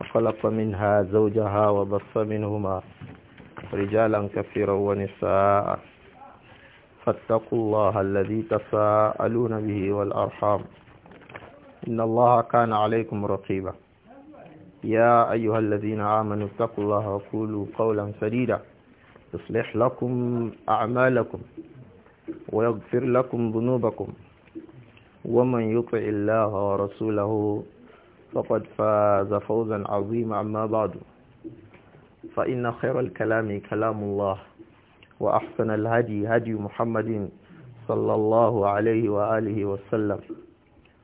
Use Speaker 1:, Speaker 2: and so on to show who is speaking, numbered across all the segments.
Speaker 1: وخلق منها زوجها وبص منهما رجالا كثيرا ونساء فاتقوا الله الذي تساءلون به والأرحام إن الله كان عليكم رقيبا يا أيها الذين آمنوا اتقوا الله وقولوا قولا سديدا يصلح لكم أعمالكم ويغفر لكم ذنوبكم ومن يطع الله ورسوله فقد فاز فوزا عظيما أما بعد فإن خير الكلام كلام الله وأحسن الهدي هدي محمد صلى الله عليه وآله وسلم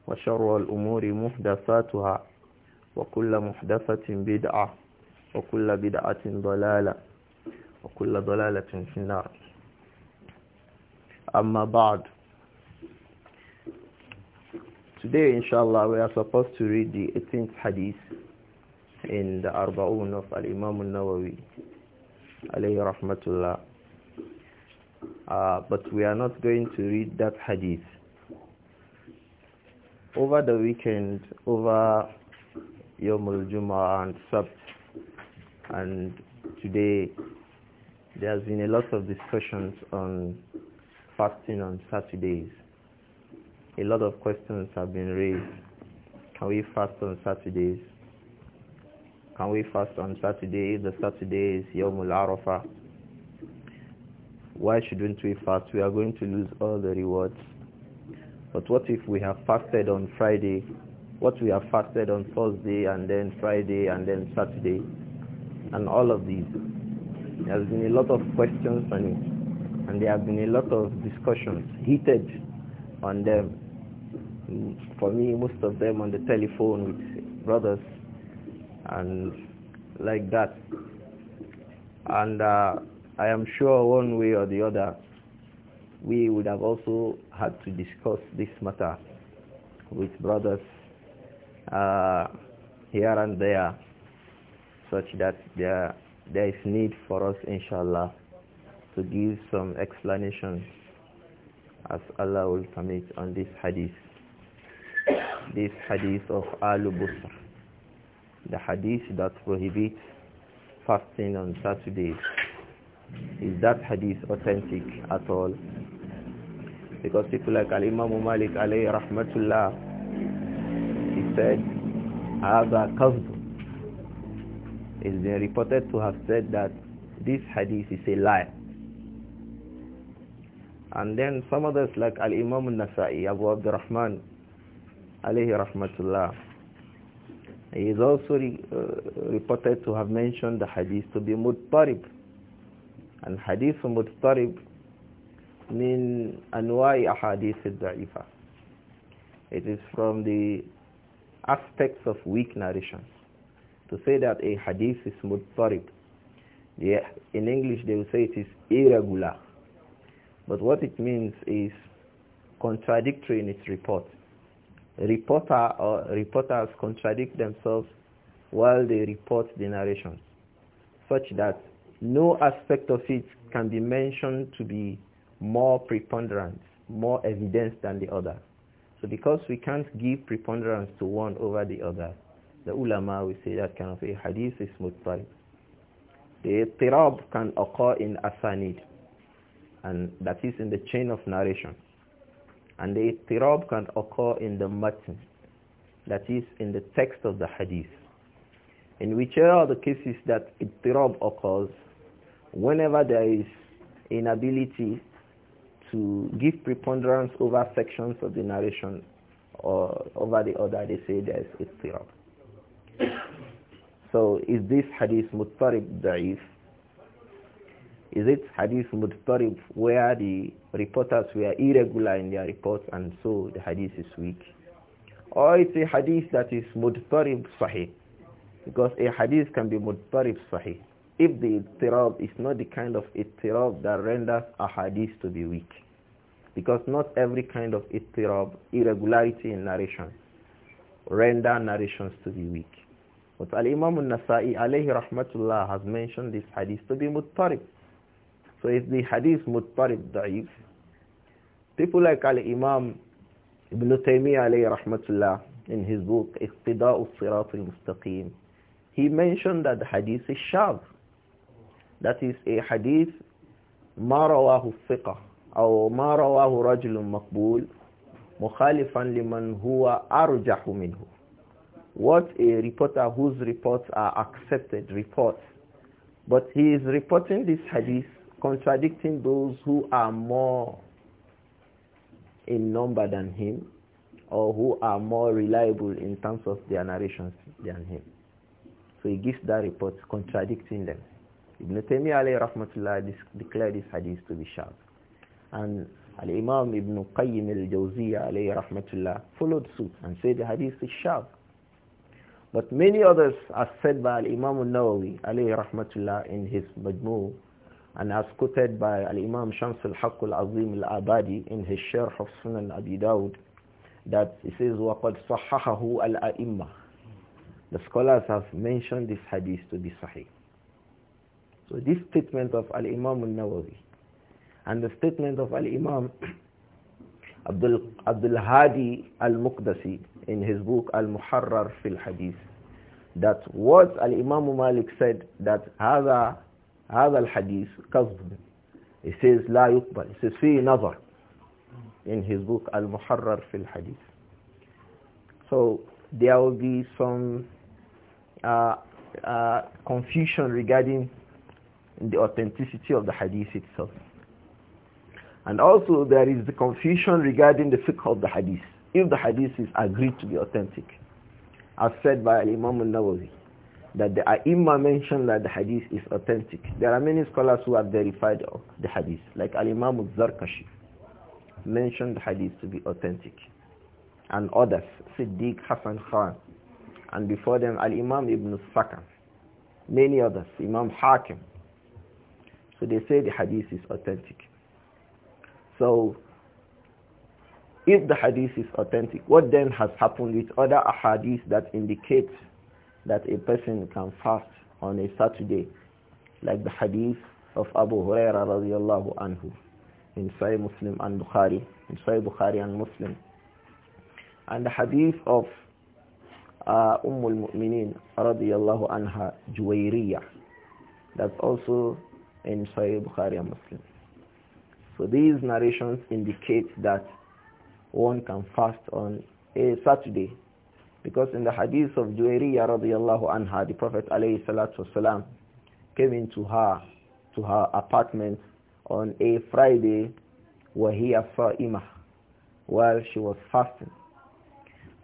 Speaker 1: وشر الأمور محدثاتها وكل محدثة بدعة وكل بدعة ضلالة وكل ضلالة في النار أما بعد Today, inshallah, we are supposed to read the 18th hadith in the Arba'un of Al-Imam al-Nawawi, alayhi rahmatullah. Uh, but we are not going to read that hadith. Over the weekend, over Yom al-Jum'ah and Sabt, and today, there has been a lot of discussions on fasting on Saturdays a lot of questions have been raised. Can we fast on Saturdays? Can we fast on Saturday? The Saturday is Yawmul Arafah. Why shouldn't we fast? We are going to lose all the rewards. But what if we have fasted on Friday? What we have fasted on Thursday and then Friday and then Saturday? And all of these. There has been a lot of questions on it. And there have been a lot of discussions, heated on them for me, most of them on the telephone with brothers and like that. And uh, I am sure one way or the other, we would have also had to discuss this matter with brothers uh, here and there such that there, there is need for us, inshallah, to give some explanations, as Allah will permit on this hadith this hadith of Al-Busr, the hadith that prohibits fasting on Saturdays. Is that hadith authentic at all? Because people like Al-Imam Malik alayhi rahmatullah, he said, a cousin." It's been reported to have said that this hadith is a lie. And then some others like Al-Imam Al-Nasai, Abu Abdurrahman, alayhi rahmatullah. He is also re, uh, reported to have mentioned the hadith to be muttarib. And hadith muttarib min anwa'i ahadith al-da'ifa. It is from the aspects of weak narration To say that a hadith is muttarib, yeah, in English they will say it is irregular. But what it means is contradictory in its report reporter or reporters contradict themselves while they report the narration, such that no aspect of it can be mentioned to be more preponderant, more evidence than the other. So because we can't give preponderance to one over the other, the ulama will say that kind of a hadith is mutarib. The tirab can occur in asanid, and that is in the chain of narration. And the ittirab can occur in the matn, that is in the text of the hadith. In whichever the cases that ittirab occurs, whenever there is inability to give preponderance over sections of the narration or over the other, they say there is ittirab. so is this hadith muttarib da'if? Is it hadith mudtarib where the reporters were irregular in their reports and so the hadith is weak? Or it's a hadith that is mudtarib sahih? Because a hadith can be mudtarib sahih if the ittirab is not the kind of ittirab that renders a hadith to be weak. Because not every kind of ittirab, irregularity in narration, render narrations to be weak. But Al-Imam al-Nasa'i alayhi rahmatullah has mentioned this hadith to be muttarib. So if the hadith muttarib da'if, people like Al-Imam Ibn Taymiyyah alayhi rahmatullah in his book Iqtida'u Sirat al-Mustaqim, he mentioned that the hadith is shadh. That is a hadith ma rawahu thiqah or ma rawahu رجل مقبول mukhalifan لمن هو أرجح منه what a reporter whose reports are accepted reports but he is reporting this hadith contradicting those who are more in number than him or who are more reliable in terms of their narrations than him. So he gives that report contradicting them. Ibn Taymiyyah alayhi rahmatullah declared this hadith to be shadh. And Al-Imam Ibn Qayyim al-Jawziyyah alayhi rahmatullah followed suit and said the hadith is shadh. But many others are said by Al-Imam al-Nawawi alayhi rahmatullah in his Majmu' and as quoted by Al-Imam Shams al-Haqq al-Azim al-Abadi in his Sharh of Sunan Abi Dawud, that he says, وَقَدْ al الْأَئِمَّةِ The scholars have mentioned this hadith to be sahih. So this statement of Al-Imam al-Nawawi and the statement of Al-Imam Abdul, Abdul Hadi al-Muqdasi in his book Al-Muharrar fil Hadith that what Al-Imam Malik said that هذا هذا الحديث كذب He says لا يقبل He says في نظر in his book Al-Muharrar fil Hadith. So there will be some uh, uh, confusion regarding the authenticity of the Hadith itself. And also there is the confusion regarding the fiqh of the Hadith, if the Hadith is agreed to be authentic, as said by Imam al-Nawawi that the Imam mentioned that the hadith is authentic. There are many scholars who have verified the hadith, like Al-Imam al-Zarkashi mentioned the hadith to be authentic. And others, Siddiq Hassan Khan, and before them Al-Imam Ibn Sakan, many others, Imam Hakim. So they say the hadith is authentic. So if the hadith is authentic, what then has happened with other ahadith that indicate that a person can fast on a Saturday, like the hadith of Abu Huraira radiallahu anhu in Sahih Muslim and Bukhari, in Sahih Bukhari and Muslim. And the hadith of uh, Umm al-Mu'minin radiallahu anha, Juwayriya that's also in Sahih Bukhari and Muslim. So these narrations indicate that one can fast on a Saturday because in the hadith of Juwairiyya radiallahu anha, the Prophet alayhi salatu wasalam came into her, to her apartment on a Friday وَهِيَ صَائِمَةٌ while she was fasting.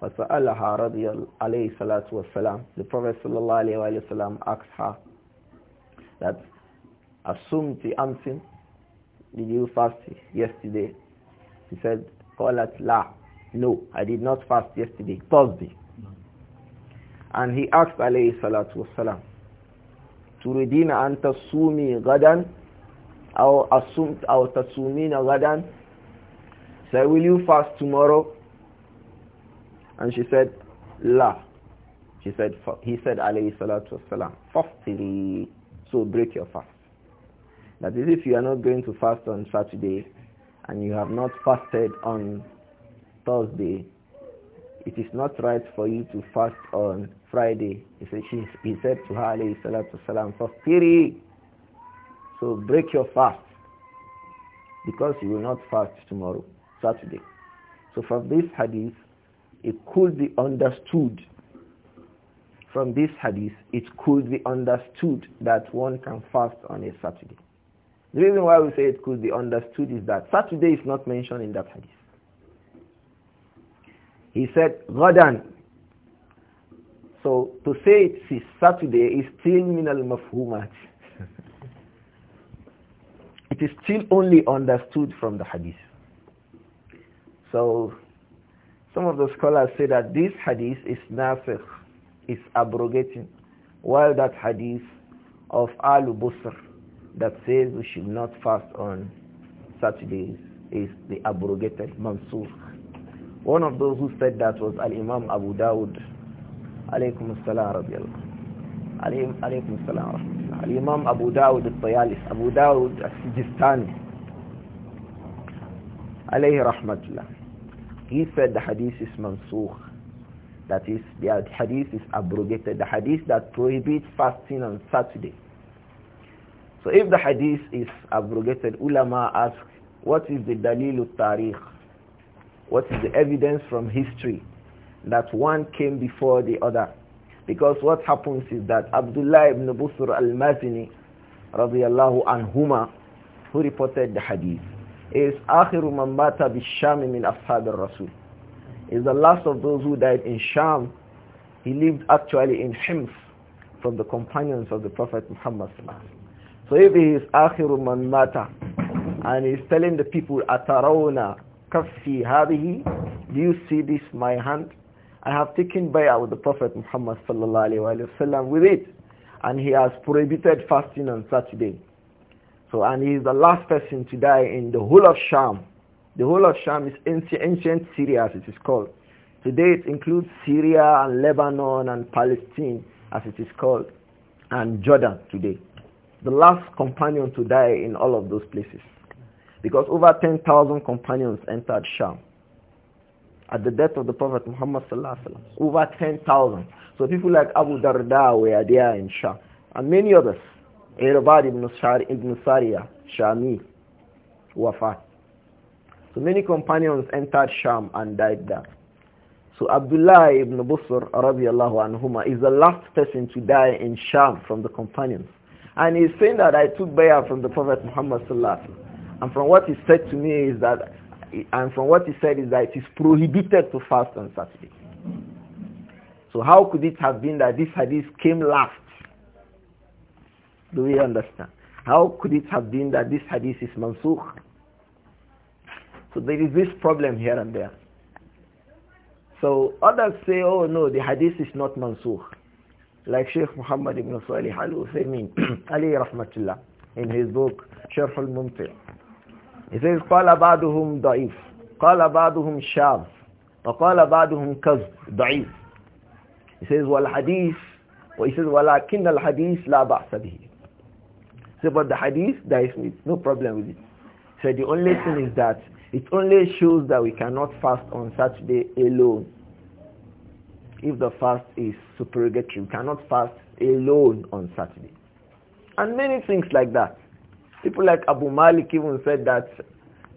Speaker 1: فَسَأَلَهَا رَضِيَ عَلَيْهِ صَلَاتُ وَالسَّلَامُ The Prophet sallallahu alayhi wa sallam asked her that أَصُمْتِ أَمْسٍ Did you fast yesterday? She said, قَالَتْ la, No, I did not fast yesterday, Thursday. And he asked alayhi salatu wasalam, تريدين أن تصومي غدا أو أصمت أو تصومين غدا So will you fast tomorrow? And she said, La. She said, he said, alayhi salatu wasalam, fastiri. So break your fast. That is if you are not going to fast on Saturday and you have not fasted on Thursday, it is not right for you to fast on Friday. He said, she, he said to her, alayhi salatu salam, fastiri. So break your fast because you will not fast tomorrow, Saturday. So from this hadith, it could be understood. From this hadith, it could be understood that one can fast on a Saturday. The reason why we say it could be understood is that Saturday is not mentioned in that hadith. He said, Ghadan. So to say it is Saturday is still min al mafhumat. it is still only understood from the hadith. So some of the scholars say that this hadith is nasikh, is abrogating, while that hadith of Al-Busr that says we should not fast on Saturdays is the abrogated mansur. One of those who said that was Al-Imam Abu Dawud. Alaykum as-salam radiyallahu. Alaykum as-salam Al-Imam Abu Dawud al-Tayalis. Abu Dawud al-Sijistani. Alayhi rahmatullah. He said the hadith is mansukh. That is, the hadith is abrogated. The hadith that prohibits fasting on Saturday. So if the hadith is abrogated, ulama ask, what is the dalil al tariq what is the evidence from history that one came before the other. Because what happens is that Abdullah ibn Busr al-Mazini radiyallahu anhuma who reported the hadith is akhiru man mata bisham min ashab rasul is the last of those who died in Sham. He lived actually in Hims from the companions of the Prophet Muhammad So if he is akhiru man mata and he's telling the people atarawna seen فِي he? Do you see this, my hand? I have taken bay'ah with the Prophet Muhammad sallallahu alayhi wa sallam with it. And he has prohibited fasting on Saturday. So, and he is the last person to die in the whole of Sham. The whole of Sham is ancient, ancient Syria as it is called. Today it includes Syria and Lebanon and Palestine as it is called and Jordan today. The last companion to die in all of those places. Because over 10,000 companions entered Sham at the death of the Prophet Muhammad sallallahu alaihi wasallam. Over 10,000. So people like Abu Darda were there in Sham. And many others. Irbad ibn, Shari, ibn Sariya, Shami, Wafat. So many companions entered Sham and died there. So Abdullah ibn Busr radiallahu anhuma is the last person to die in Sham from the companions. And he's saying that I took bayah from the Prophet Muhammad sallallahu alaihi wasallam. And from what he said to me is that, and from what he said is that it is prohibited to fast on Saturday. So how could it have been that this hadith came last? Do we understand? How could it have been that this hadith is mansukh? So there is this problem here and there. So others say, oh no, the hadith is not mansukh. Like Sheikh Muhammad ibn Salih al-Uthaymin, Ali rahmatullah, in his book, Sharh al-Mumti' He says, قال بعدهم ضعيف قال بعدهم شاذ وقال بعدهم كذب ضعيف He says, والحديث He says, ولكن الحديث لا بأس به says, but the hadith, there is no problem with it. So the only thing is that it only shows that we cannot fast on Saturday alone. If the fast is supererogatory, we cannot fast alone on Saturday. And many things like that. People like Abu Malik even said that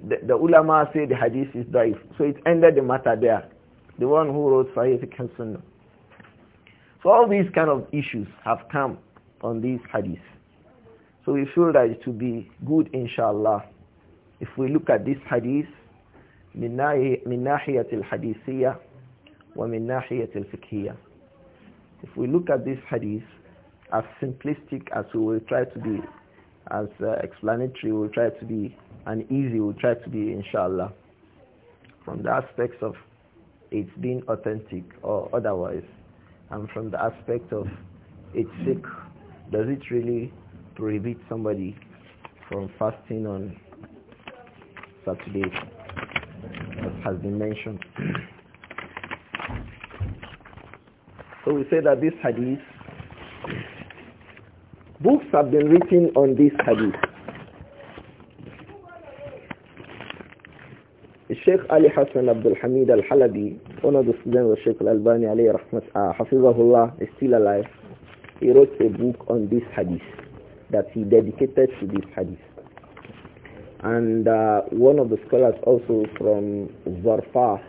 Speaker 1: the, the ulama said the hadith is daif. So it ended the matter there. The one who wrote Sahih al-Sunnah. So all these kind of issues have come on these hadiths. So we feel that it will be good inshallah if we look at this hadith من ناحية الحديثية ومن ناحية الفقهية If we look at this hadith as simplistic as we will try to be as uh, explanatory will try to be and easy we will try to be inshallah from the aspects of it's being authentic or otherwise and from the aspect of it's sick does it really prohibit somebody from fasting on Saturday as has been mentioned so we say that this hadith Books have been written on this hadith. Sheikh Ali Hassan Abdul Hamid Al-Halabi, one of the students of Sheikh Al-Albani alayhi rahmat, uh, Hafizahullah, is still alive. He wrote a book on this hadith that he dedicated to this hadith. And uh, one of the scholars also from Zarfa,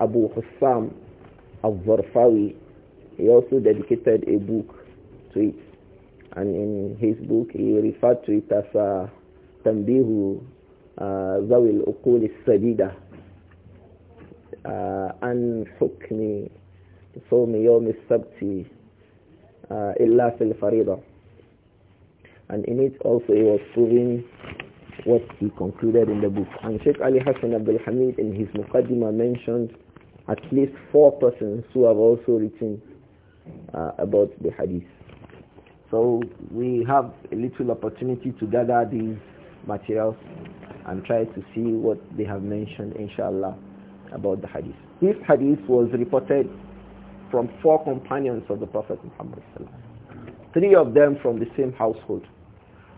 Speaker 1: Abu Hussam al-Zarfawi, he also dedicated a book to it. And in his book, he referred to it as uh, uh Zawil Uqul Sadida uh, An Hukmi Sawmi Yawm Sabti uh, Illa Fil Farida. And in it also he was proving what he concluded in the book. And Sheikh Ali Hassan Abdul Hamid in his Muqaddimah mentioned at least four persons who have also written uh, about the hadith. So we have a little opportunity to gather these materials and try to see what they have mentioned, inshallah, about the hadith. This hadith was reported from four companions of the Prophet Muhammad Three of them from the same household,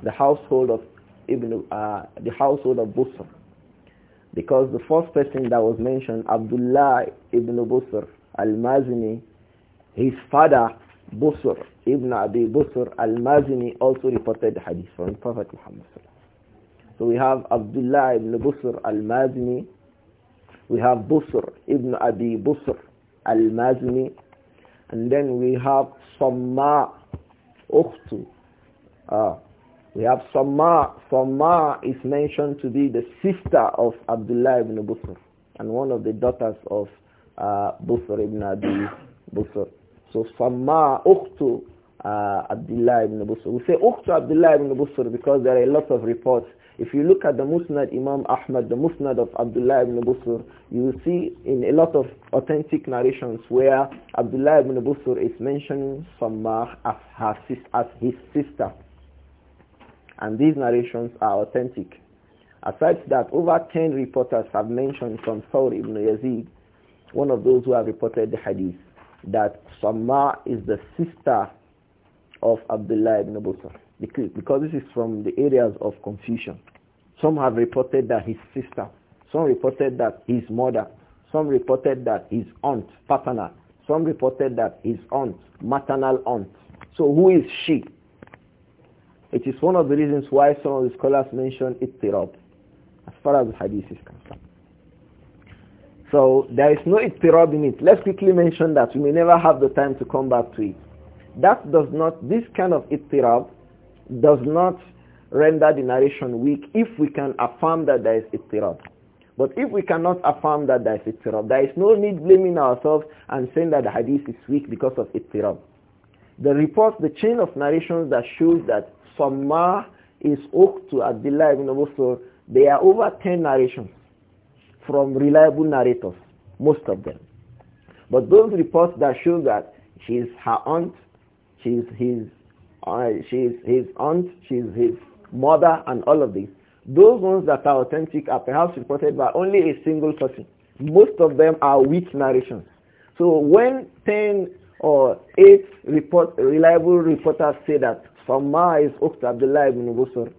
Speaker 1: the household of Ibn, uh, the household of Busr. Because the first person that was mentioned, Abdullah ibn Busr al-Mazini, his father Busr, Ibn Abi Busr al-Mazini also reported the hadith from Prophet Muhammad So we have Abdullah ibn Busr al-Mazini, we have Busr ibn Abi Busr al-Mazini, and then we have Samma Ukhtu. Uh, we have Samma. Samma is mentioned to be the sister of Abdullah ibn Busr and one of the daughters of uh, ibn Abi Busr. So Fama Oktu uh, Abdullah ibn Busr. We say Oktu Abdullah ibn Busr because there are a lot of reports. If you look at the Musnad Imam Ahmad, the Musnad of Abdullah ibn Busr, you will see in a lot of authentic narrations where Abdullah ibn Busr is mentioning Fama as, her, as his sister. And these narrations are authentic. Aside that, over 10 reporters have mentioned from Thawr ibn Yazid, one of those who have reported the hadith that Sama is the sister of Abdullah ibn Busr because this is from the areas of confusion. Some have reported that his sister, some reported that his mother, some reported that his aunt, paternal, some reported that his aunt, maternal aunt. So who is she? It is one of the reasons why some of the scholars mention it as far as the hadith is concerned. So there is no ittirab in it. Let's quickly mention that we may never have the time to come back to it. That does not, this kind of ittirab does not render the narration weak if we can affirm that there is ittirab. But if we cannot affirm that there is ittirab, there is no need blaming ourselves and saying that the hadith is weak because of ittirab. The report, the chain of narrations that shows that Sammah is Uqtu Abdullah ibn Abusur, they are over 10 narrations from reliable narrators, most of them. But those reports that show that she is her aunt, she is his, uh, she is his aunt, she is his mother, and all of these, those ones that are authentic are perhaps reported by only a single person. Most of them are weak narrations. So when 10 or 8 report, reliable reporters say that Sama is Uqt Abdullah ibn Busr,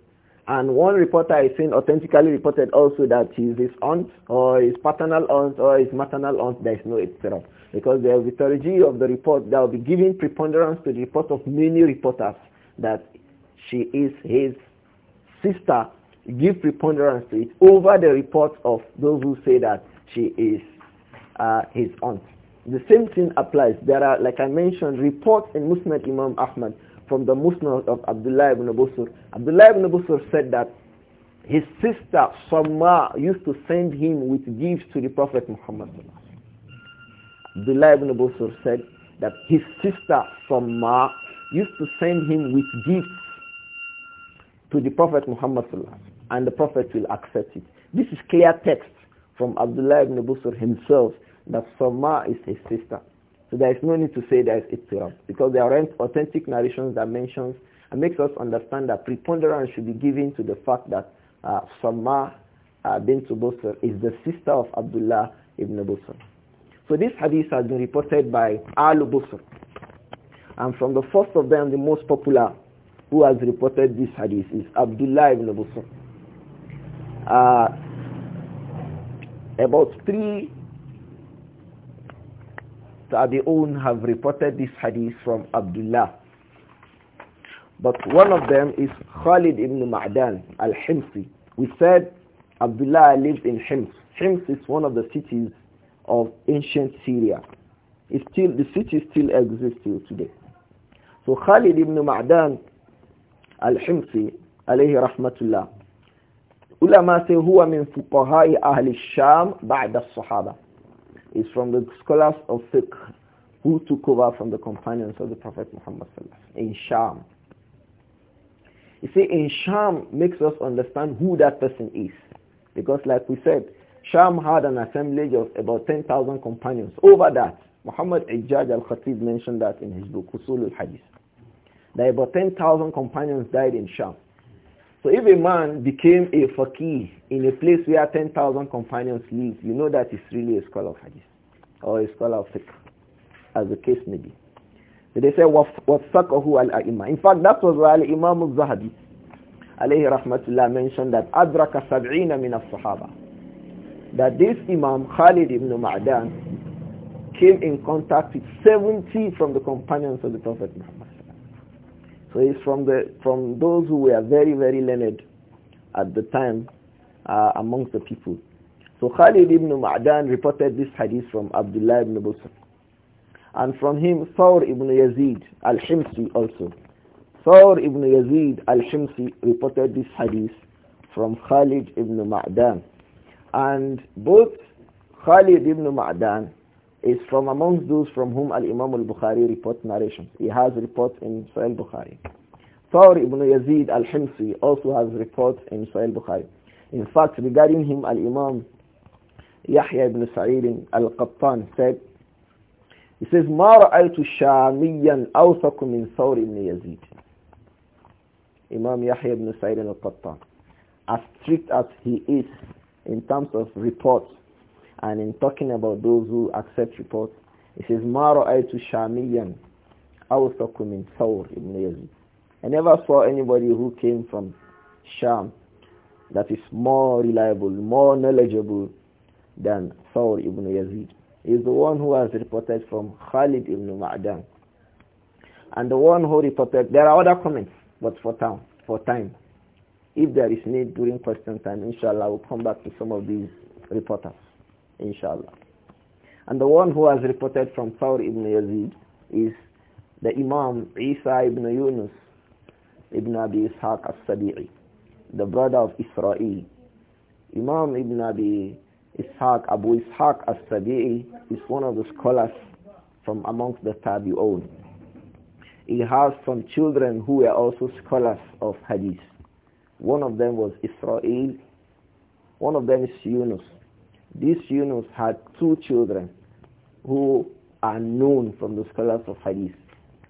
Speaker 1: and one reporter is seen authentically reported also that he is his aunt or his paternal aunt or his maternal aunt. There is no etc. Because the authority of the report, that will be giving preponderance to the report of many reporters that she is his sister. Give preponderance to it over the report of those who say that she is uh, his aunt. The same thing applies. There are, like I mentioned, reports in Muslim Imam Ahmad from the Musnad of Abdullah ibn Busur. Abdullah ibn Busur said that his sister Samma used to send him with gifts to the Prophet Muhammad. Abdullah ibn Busur said that his sister Samma used to send him with gifts to the Prophet Muhammad and the Prophet will accept it. This is clear text from Abdullah ibn Busur himself that Samma is his sister. So there is no need to say there is ittirab uh, because there are authentic narrations that mentions and makes us understand that preponderance should be given to the fact that uh, uh bin uh, bint Busr is the sister of Abdullah ibn Busr. So this hadith has been reported by Al Busr. And from the first of them, the most popular who has reported this hadith is Abdullah ibn Busr. Uh, about three Tabi'un have reported this hadith from Abdullah. But one of them is Khalid ibn Ma'dan al-Himsi. We said Abdullah lived in Hims. Hims is one of the cities of ancient Syria. It still, the city still exists till today. So Khalid ibn Ma'dan al-Himsi, alayhi rahmatullah, ulama say, huwa min fuqaha'i ahli sham ba'da sahaba is from the scholars of fiqh who took over from the companions of the Prophet Muhammad in Sham. You see, in Sham makes us understand who that person is. Because like we said, Sham had an assemblage of about 10,000 companions. Over that, Muhammad Ijaj al-Khatib mentioned that in his book, Usul al-Hadith. That about 10,000 companions died in Sham. So if a man became a faqih in a place where 10,000 companions live, you know that he's really a scholar of hadith or a scholar of fiqh, as the case may be. So they say, وَفَقَهُ imam. In fact, that was why Imam al-Zahabi, alayhi rahmatullah, mentioned that أَدْرَكَ سَبْعِينَ مِنَ الصَّحَابَةِ That this Imam, Khalid ibn Ma'dan, came in contact with 70 from the companions of the Prophet Muhammad so he's from, the, from those who were very, very learned at the time uh, amongst the people. So Khalid ibn Ma'dan reported this hadith from Abdullah ibn Busr. And from him, Thawr ibn Yazid al shimsi also. Thawr ibn Yazid al shimsi reported this hadith from Khalid ibn Ma'dan. And both Khalid ibn Ma'dan is from amongst those from whom Al-Imam al-Bukhari reports narrations. He has reports in Sahih Bukhari. Thawr ibn Yazid al-Himsi also has reports in Sahih Bukhari. In fact, regarding him, Al-Imam Yahya ibn Sa'id al-Qattan said, he says, مَا رَأَيْتُ شَامِيًّا أَوْثَقُ مِنْ ibn Yazid. Imam Yahya ibn Sa'id al-Qattan. As strict as he is in terms of reports and in talking about those who accept reports, it says, مَا رَأَيْتُ شَامِيًّا أَوْثَقُ مِنْ ثَوْرِ ibn Yazid. I never saw anybody who came from Sham that is more reliable, more knowledgeable than Thawr ibn Yazid. He Is the one who has reported from Khalid ibn Ma'dan. And the one who reported, there are other comments, but for time, for time. If there is need during question time, inshallah, I will come back to some of these reporters inshallah. And the one who has reported from Thawr ibn Yazid is the Imam Isa ibn Yunus ibn Abi Ishaq al-Sabi'i, the brother of Israel. Imam ibn Abi Ishaq, Abu Ishaq al-Sabi'i is one of the scholars from amongst the Tabi'un. He has some children who were also scholars of Hadith. One of them was Israel, one of them is Yunus. This Yunus had two children who are known from the scholars of hadith.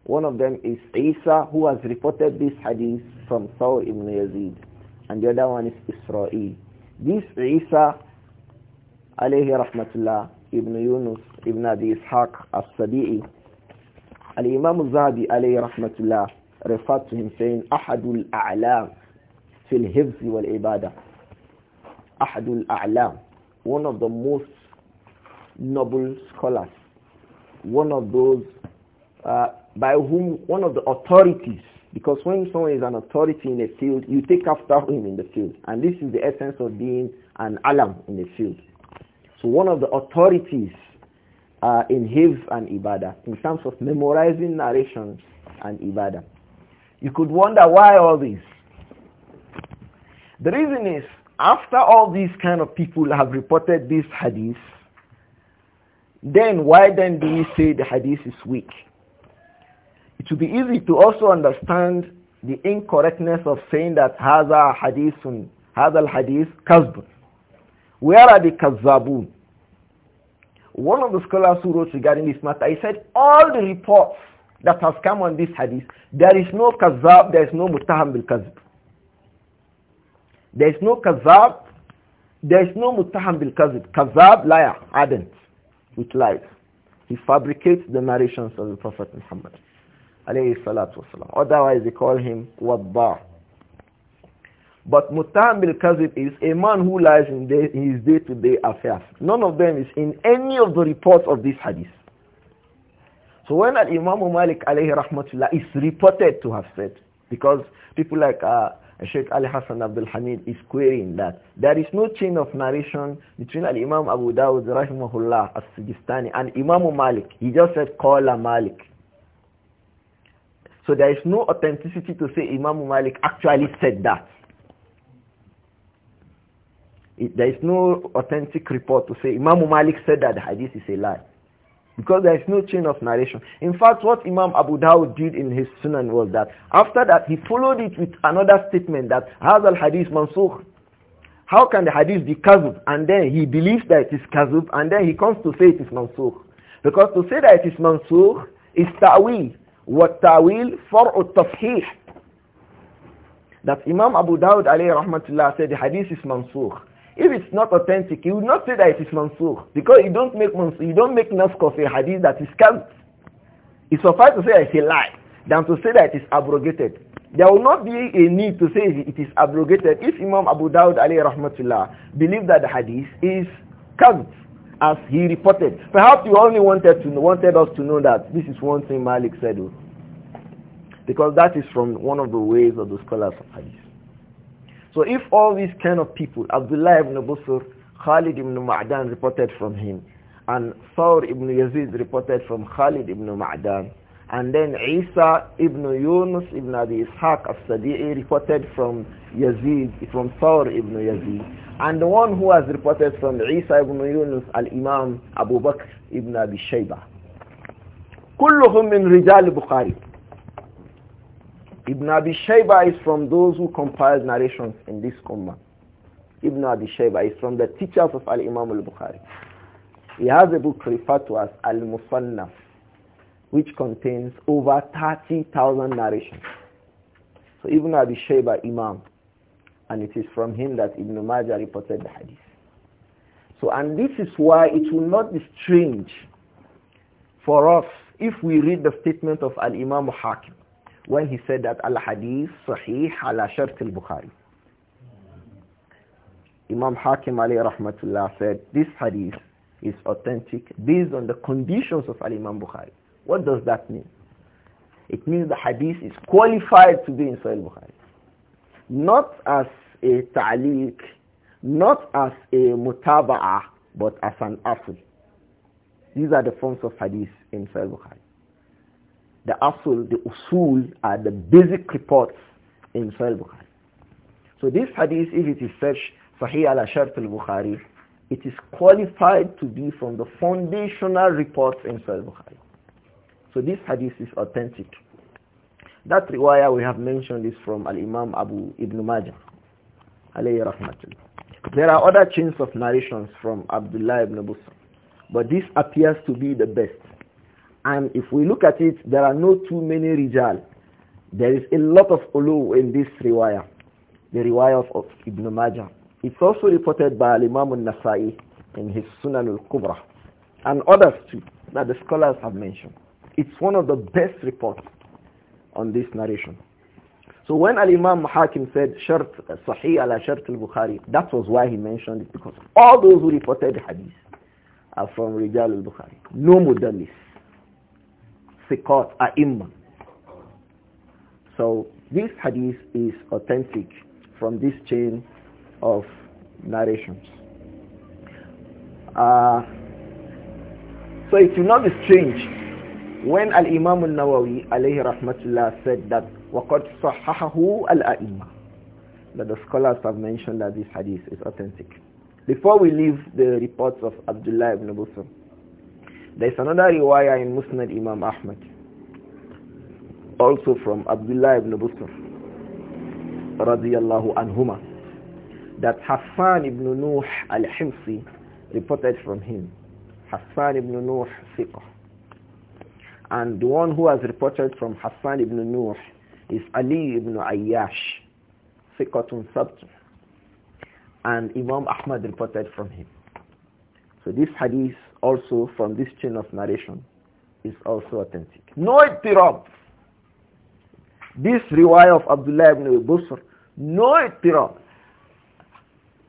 Speaker 1: One of them is Isa, who has reported this hadith from Saul ibn Yazid. And the other one is Israel. This Isa, alayhi rahmatullah, ibn Yunus, ibn Abi Ishaq al-Sabi'i, al-Imam al-Zahabi, alayhi rahmatullah, referred to him saying, أحد الأعلام في الحفظ والعبادة. أحد الأعلام one of the most noble scholars, one of those uh, by whom one of the authorities, because when someone is an authority in a field, you take after him in the field. And this is the essence of being an alam in the field. So one of the authorities uh, in Hiv and Ibadah, in terms of memorizing narrations and Ibadah. You could wonder why all this. The reason is after all these kind of people have reported this hadith, then why then do we say the hadith is weak? It would be easy to also understand the incorrectness of saying that hadha hadithun, hadha al-hadith kazbun. Where are the kazzabun? One of the scholars who wrote regarding this matter, he said all the reports that has come on this hadith, there is no kazzab, there is no mutaham bil there is no kazab. There is no mutaham bil kazib. Kazab, liar, ardent with lies. He fabricates the narrations of the Prophet Muhammad. Otherwise they call him wadda. But mutaham bil kazib is a man who lies in day, his day-to-day -day affairs. None of them is in any of the reports of this hadith. So when Imam Malik alayhi rahmatullah is reported to have said, because people like uh, Sheikh Ali Hassan Abdul Hamid is querying that there is no chain of narration between Al Imam Abu Dawud rahimahullah as Sijistani and Imam Malik. He just said Qala Malik. So there is no authenticity to say Imam Malik actually said that. It, there is no authentic report to say Imam Malik said that the hadith is a lie. Because there is no chain of narration. In fact, what Imam Abu Dawud did in his Sunan was that after that he followed it with another statement that Hazal Hadith Mansukh. How can the hadith be kazub? And then he believes that it is kazub and then he comes to say it is mansukh. Because to say that it is mansukh is ta'wil. What ta'wil? for tafhih. That Imam Abu Dawud alayhi rahmatullah said the hadith is mansukh. If it's not authentic, you will not say that it is mansukh because you don't make mansukh, you don't make naskh of a hadith that is scant. It suffices to say it's a lie than to say that it is abrogated. There will not be a need to say it is abrogated if Imam Abu Dawud alayhi rahmatullah believed that the hadith is scant as he reported. Perhaps you only wanted to know, wanted us to know that this is one thing Malik said. Oh. Because that is from one of the ways of the scholars of hadith. So if all these kind of people, Abdullah ibn Busur, Khalid ibn Ma'dan reported from him, and Sa'ur ibn Yazid reported from Khalid ibn Ma'dan, and then Isa ibn Yunus ibn Abi Ishaq al-Sadi'i reported from Yazid, from Sa'ur ibn Yazid. And the one who has reported from Isa ibn Yunus al-Imam Abu Bakr ibn Abi Shaybah, كلهم من رجال بخاري. Ibn Abi Shayba is from those who compiled narrations in this ummah. Ibn Abi Shayba is from the teachers of Al-Imam al-Bukhari. He has a book referred to as Al-Musannaf, which contains over 30,000 narrations. So Ibn Abi Shayba, Imam, and it is from him that Ibn Majah reported the hadith. So, and this is why it will not be strange for us if we read the statement of Al-Imam Hakim when he said that al-hadith sahih ala shart al-Bukhari. Imam Hakim Ali rahmatullah said, this hadith is authentic based on the conditions of Al-Imam Bukhari. What does that mean? It means the hadith is qualified to be in Sahih Bukhari. Not as a ta'liq, not as a mutaba'ah, but as an afri. These are the forms of hadith in Sahih Bukhari. The asul, the usul are the basic reports in Sahih Bukhari. So this hadith, if it is such Sahih ala Shart al-Bukhari, it is qualified to be from the foundational reports in Sahih Bukhari. So this hadith is authentic. That riwaya we have mentioned is from Al-Imam Abu Ibn Majah. Alayhi rahmatullah. There are other chains of narrations from Abdullah ibn Busr. But this appears to be the best. And if we look at it, there are no too many rijal. There is a lot of ulu in this riwayah, the riwayah of, of Ibn Majah. It's also reported by Imam al-Nasai in his Sunan al-Kubra and others too that the scholars have mentioned. It's one of the best reports on this narration. So when Al-Imam Hakim said shart uh, sahih ala shart al-Bukhari, that was why he mentioned it because all those who reported hadith are from Rijal al-Bukhari. No mudallis thiqat a'imma. So this hadith is authentic from this chain of narrations. Uh, so it will not be strange when Al-Imam Al-Nawawi alayhi rahmatullah said that وَقَدْ صَحَّحَهُ الْأَئِمَّةِ that the scholars have mentioned that this hadith is authentic. Before we leave the reports of Abdullah ibn Busr, there is another riwayah in Musnad Imam Ahmad, also from Abdullah ibn Busr, radiyallahu anhuma, that Hassan ibn Nuh al-Himsi reported from him. Hassan ibn Nuh Fiqh. And the one who has reported from Hassan ibn Nuh is Ali ibn Ayyash, Fiqatun Sabt. And Imam Ahmad reported from him. So this hadith also from this chain of narration is also authentic. No ittirab. This riwayah of Abdullah ibn Busr, no ittirab.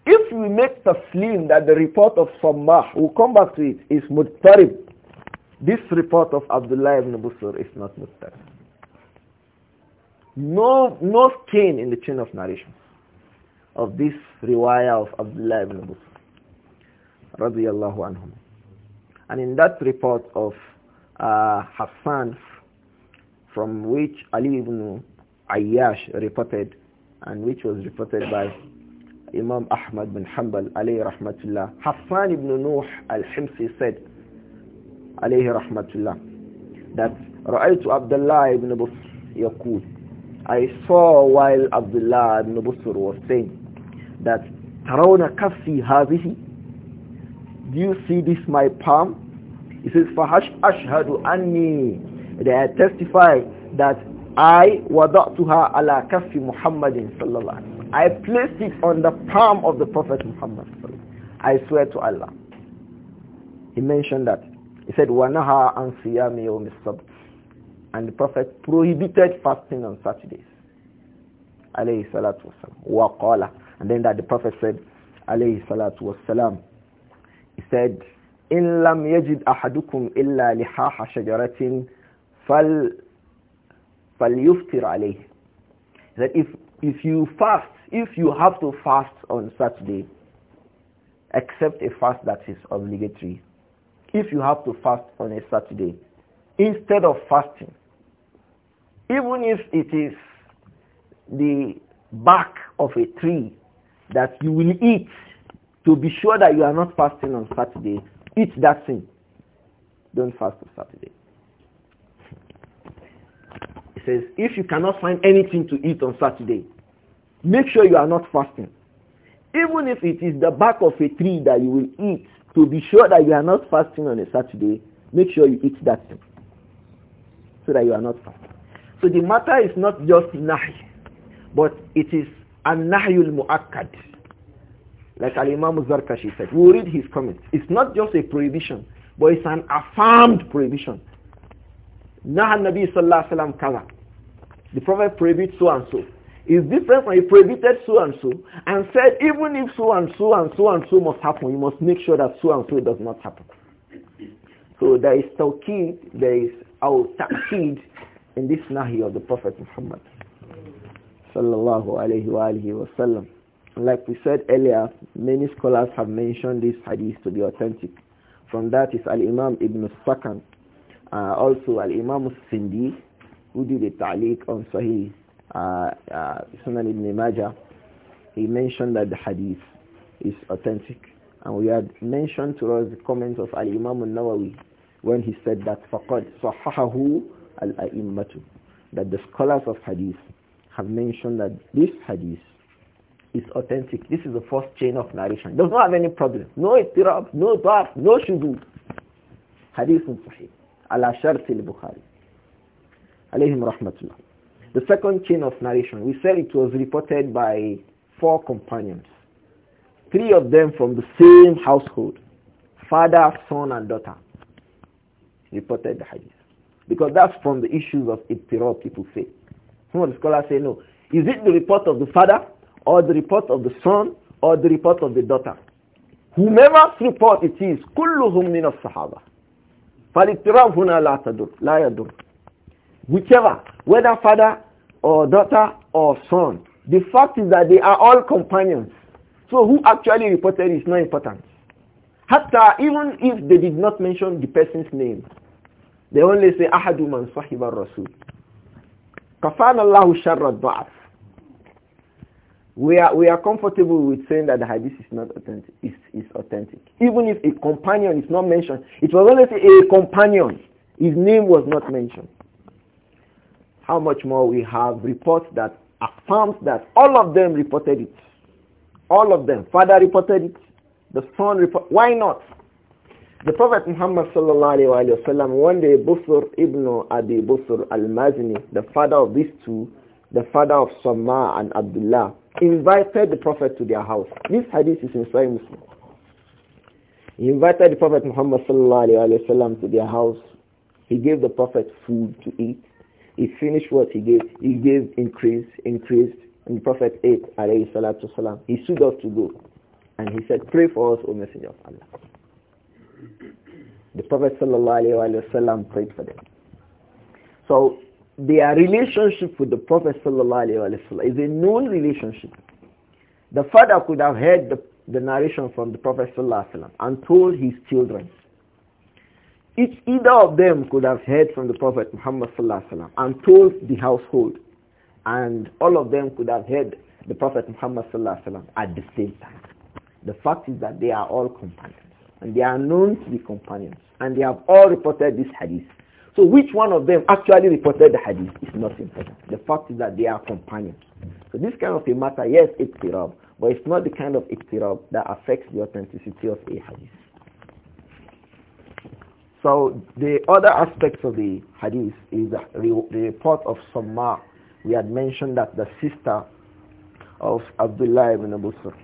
Speaker 1: If we make taslim that the report of Sammah, we'll come back to it, is muttarib. This report of Abdullah ibn Busr is not muttarib. No, no stain in the chain of narration of this riwayah of Abdullah ibn Busr. رضي الله عنهم and in that report of uh, Hassan, from which Ali ibn Ayyash reported, and which was reported by Imam Ahmad bin Hanbal, alayhi rahmatullah, Hassan ibn Nuh al-Himsi said, alayhi rahmatullah, that Ra'aytu Abdullah ibn Busr Yaqul. I saw while Abdullah ibn Busr was saying that ترون كفي هذه do you see this my palm? He says, Fahash ashhadu anni. That I testify that I wada'tuha ala kafi Muhammadin sallallahu I placed it on the palm of the Prophet Muhammad I swear to Allah. He mentioned that. He said, وَنَهَا أَنْ صِيَامِ يَوْمِ السَّبْتِ And the Prophet prohibited fasting on Saturdays. Alayhi salatu wa qala, And then that the Prophet said, alayhi salatu wasalam, he said, That if, if you fast, if you have to fast on Saturday, except a fast that is obligatory, if you have to fast on a Saturday, instead of fasting, even if it is the bark of a tree that you will eat to be sure that you are not fasting on Saturday, eat that thing. Don't fast on Saturday. It says, if you cannot find anything to eat on Saturday, make sure you are not fasting. Even if it is the bark of a tree that you will eat, to be sure that you are not fasting on a Saturday, make sure you eat that thing. So that you are not fasting. So the matter is not just nahi, but it is an nahiul muakkad like Al-Imam Zarkashi said. We'll read his comments. It's not just a prohibition, but it's an affirmed prohibition. Naha Nabi Sallallahu Alaihi Wasallam The Prophet prohibited so and so. It's different from he prohibited so and so and said even if so and so and so and so must happen, you must make sure that so and so does not happen. So there is tawqid, there is our taqid in this nahi of the Prophet Muhammad sallallahu alayhi wa alihi wa sallam. Like we said earlier, many scholars have mentioned this hadith to be authentic. From that is Al-Imam Ibn Sakan, uh, also Al-Imam Sindi, who did a ta'liq on Sahih uh, uh, Sunan Ibn Majah. He mentioned that the hadith is authentic. And we had mentioned to us the comments of Al-Imam al-Nawawi when he said that فَقَدْ صَحَّحَهُ al that the scholars of hadith have mentioned that this hadith is authentic. This is the first chain of narration. Does not have any problem. No istirab, no dwarf, no shudu. Hadith sahih. Ala shart al-Bukhari. Alayhim rahmatullah. The second chain of narration, we said it was reported by four companions. Three of them from the same household. Father, son and daughter. Reported the hadith. Because that's from the issues of ittirab, people say. Some of the scholars say no. Is it the report of the father? or the report of the son or the report of the daughter. Whomever's report it is, كلهم من الصحابة. فالاضطراب هنا لا تدر لا يدر. Whichever, whether father or daughter or son, the fact is that they are all companions. So who actually reported is not important. Hatta even if they did not mention the person's name, they only say أحد من صحب الرسول. كفانا الله شر الضعف we are, we are comfortable with saying that the hadith is not authentic. It's, it's authentic. Even if a companion is not mentioned, it was only a companion. His name was not mentioned. How much more we have reports that affirms that all of them reported it. All of them. Father reported it. The son reported. Why not? The Prophet Muhammad sallallahu alayhi wasallam one day Busr ibn Abi Busr al-Mazini, the father of these two, the father of Sama and Abdullah, invited the Prophet to their house. This hadith is in Sahih Muslim. He invited the Prophet Muhammad sallallahu to their house. He gave the Prophet food to eat. He finished what he gave. He gave increase, increased, and the Prophet ate alayhi salatu salam. He stood up to go. And he said, pray for us, O Messenger of Allah. The Prophet sallallahu prayed for them. So their relationship with the Prophet is a known relationship. The father could have heard the, the narration from the Prophet and told his children. Each, either of them could have heard from the Prophet Muhammad and told the household. And all of them could have heard the Prophet Muhammad at the same time. The fact is that they are all companions. And they are known to be companions. And they have all reported this hadith. So which one of them actually reported the hadith is not important. The fact is that they are companions. So this kind of a matter, yes, it's rub, but it's not the kind of iktirab that affects the authenticity of a hadith. So the other aspects of the hadith is the, report of Sammah. We had mentioned that the sister of Abdullah ibn Abu Sur.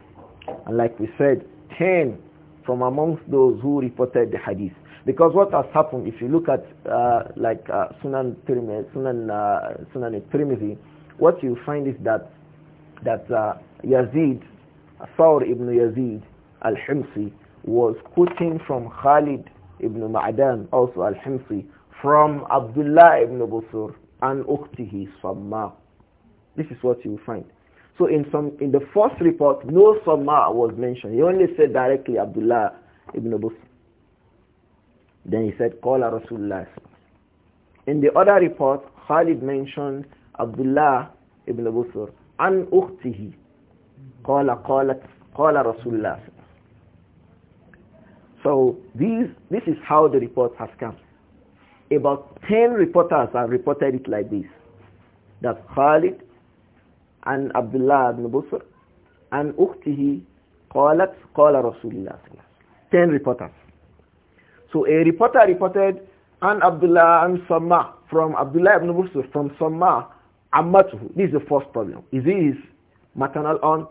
Speaker 1: And like we said, 10 from amongst those who reported the hadith because what has happened, if you look at uh, like uh, Sunan Tirmizi, Sunan uh, Sunan what you find is that that uh, Yazid, Sa'ur ibn Yazid al-Himsi, was quoting from Khalid ibn Ma'dan, also al-Himsi, from Abdullah ibn Busur and Uqtihi Samma. This is what you find. So in some in the first report, no Samma was mentioned. He only said directly Abdullah ibn Busur. Then he said, Qala Rasulullah. In the other report, Khalid mentioned Abdullah ibn Busur. An Uqtihi, Qala qalat. Qala Rasulullah. So these, this is how the report has come. About 10 reporters have reported it like this. That Khalid and Abdullah ibn Busur and Uqtihi qalat qala Rasulullah. 10 reporters. So a reporter reported an Abdullah and Samma from Abdullah ibn Busr from Samma Ammatuhu. This is the first problem. Is he his maternal aunt,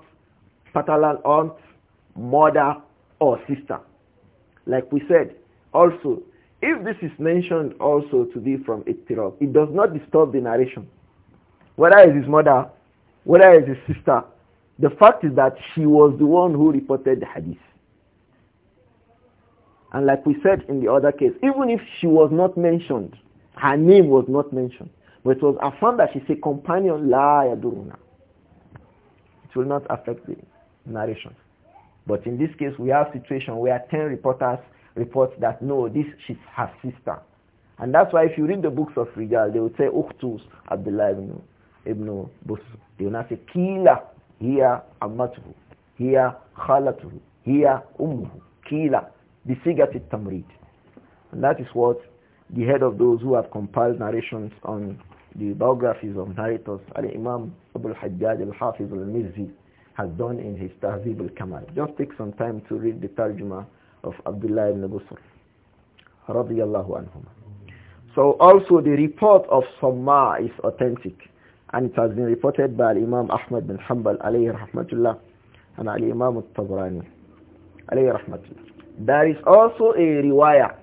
Speaker 1: paternal aunt, mother or sister? Like we said, also, if this is mentioned also to be from Ittirab, it does not disturb the narration. Whether it's his mother, whether it's his sister, the fact is that she was the one who reported the hadith. And like we said in the other case, even if she was not mentioned, her name was not mentioned, but it was affirmed that she's a companion, La Yaduruna. It will not affect the narration. But in this case, we have situation where 10 reporters report that, no, this she's her sister. And that's why if you read the books of Rijal, they would say, Ukhtus Abdullah ibn, ibn Bus. They will not say, Kila, here Ammatuhu, here Khalatuhu, here Ummuhu, Kila, بصيغة Tamrid, and that is what the head of those who have compiled narrations on the biographies of narrators Al-Imam Abu al-Hajjaj al-Hafiz al-Mizzi has done in his Tahzib al-Kamal just take some time to read the tarjuma of Abdullah ibn Busr radiyallahu anhum so also the report of Sama is authentic and it has been reported by Imam Ahmad bin Hanbal alayhi rahmatullah and Ali Imam al-Tabrani alayhi rahmatullah there is also a riwayah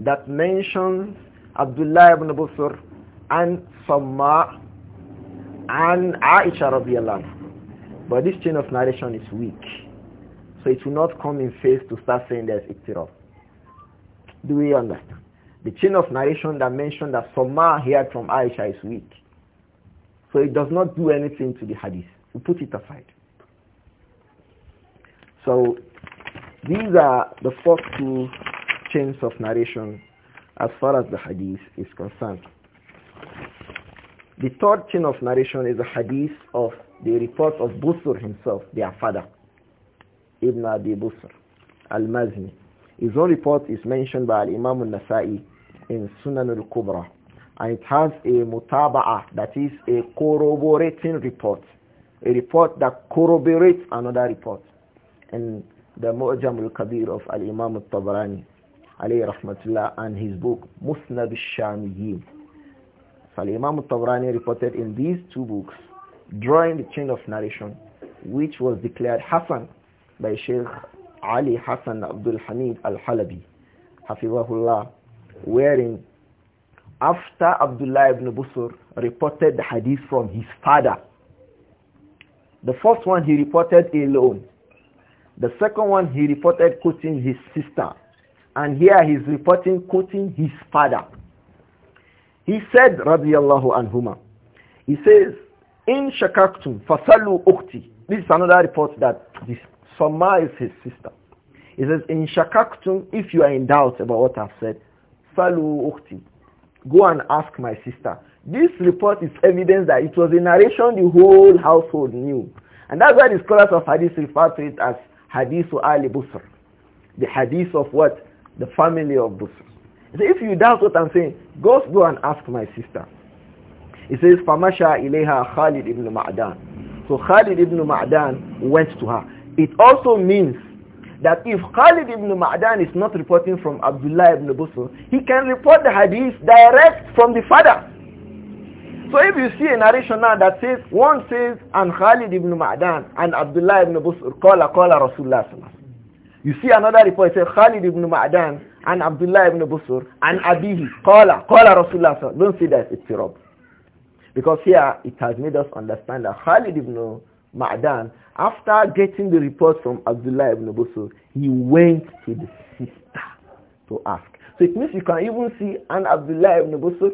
Speaker 1: that mentions Abdullah ibn Busr and Samma and Aisha radiallahu anha. But this chain of narration is weak. So it will not come in face to start saying there's iktiraf. Do we understand? The chain of narration that mentioned that Samma heard from Aisha is weak. So it does not do anything to the hadith. We put it aside. So these are the first two chains of narration as far as the hadith is concerned. The third chain of narration is the hadith of the report of Busr himself, their father, Ibn Abi Busr, Al-Mazni. His own report is mentioned by Imam al-Nasai in Sunan al-Kubra. And it has a mutaba'ah, that is a corroborating report. A report that corroborates another report. And the Mu'jam al-Kabir of Al-Imam al-Tabarani, alayhi rahmatullah, and his book, Musnad al-Shamiyin. So Al-Imam al-Tabarani reported in these two books, drawing the chain of narration, which was declared Hassan by Sheikh Ali Hassan Abdul Hamid al-Halabi, hafizahullah, wherein after Abdullah ibn Busur reported the hadith from his father, the first one he reported alone. The second one, he reported quoting his sister. And here he's reporting quoting his father. He said, radiyallahu anhuma, he says, in shakaktum fasalu ukhti. This is another report that this Sama is his sister. He says, in shakaktum, if you are in doubt about what I've said, salu ukhti. Go and ask my sister. This report is evidence that it was a narration the whole household knew. And that's why the scholars of hadith refer to it as of Ali Busr. The hadith of what? The family of Busr. So if you doubt what I'm saying, go, go and ask my sister. He says, Famasha ilayha Khalid ibn Ma'dan. So Khalid ibn Ma'dan went to her. It also means that if Khalid ibn Ma'dan is not reporting from Abdullah ibn Busr, he can report the hadith direct from the father. So if you see a narration now that says, one says, and Khalid ibn Ma'dan and Abdullah ibn Busr, qala qala Rasulullah You see another report, it says, Khalid ibn Ma'dan and Abdullah ibn Busr and Abihi, qala qala Rasulullah Don't say that it's Sirab. Because here it has made us understand that Khalid ibn Ma'dan, after getting the report from Abdullah ibn Busr, he went to the sister to ask. So it means you can even see an Abdullah ibn Busr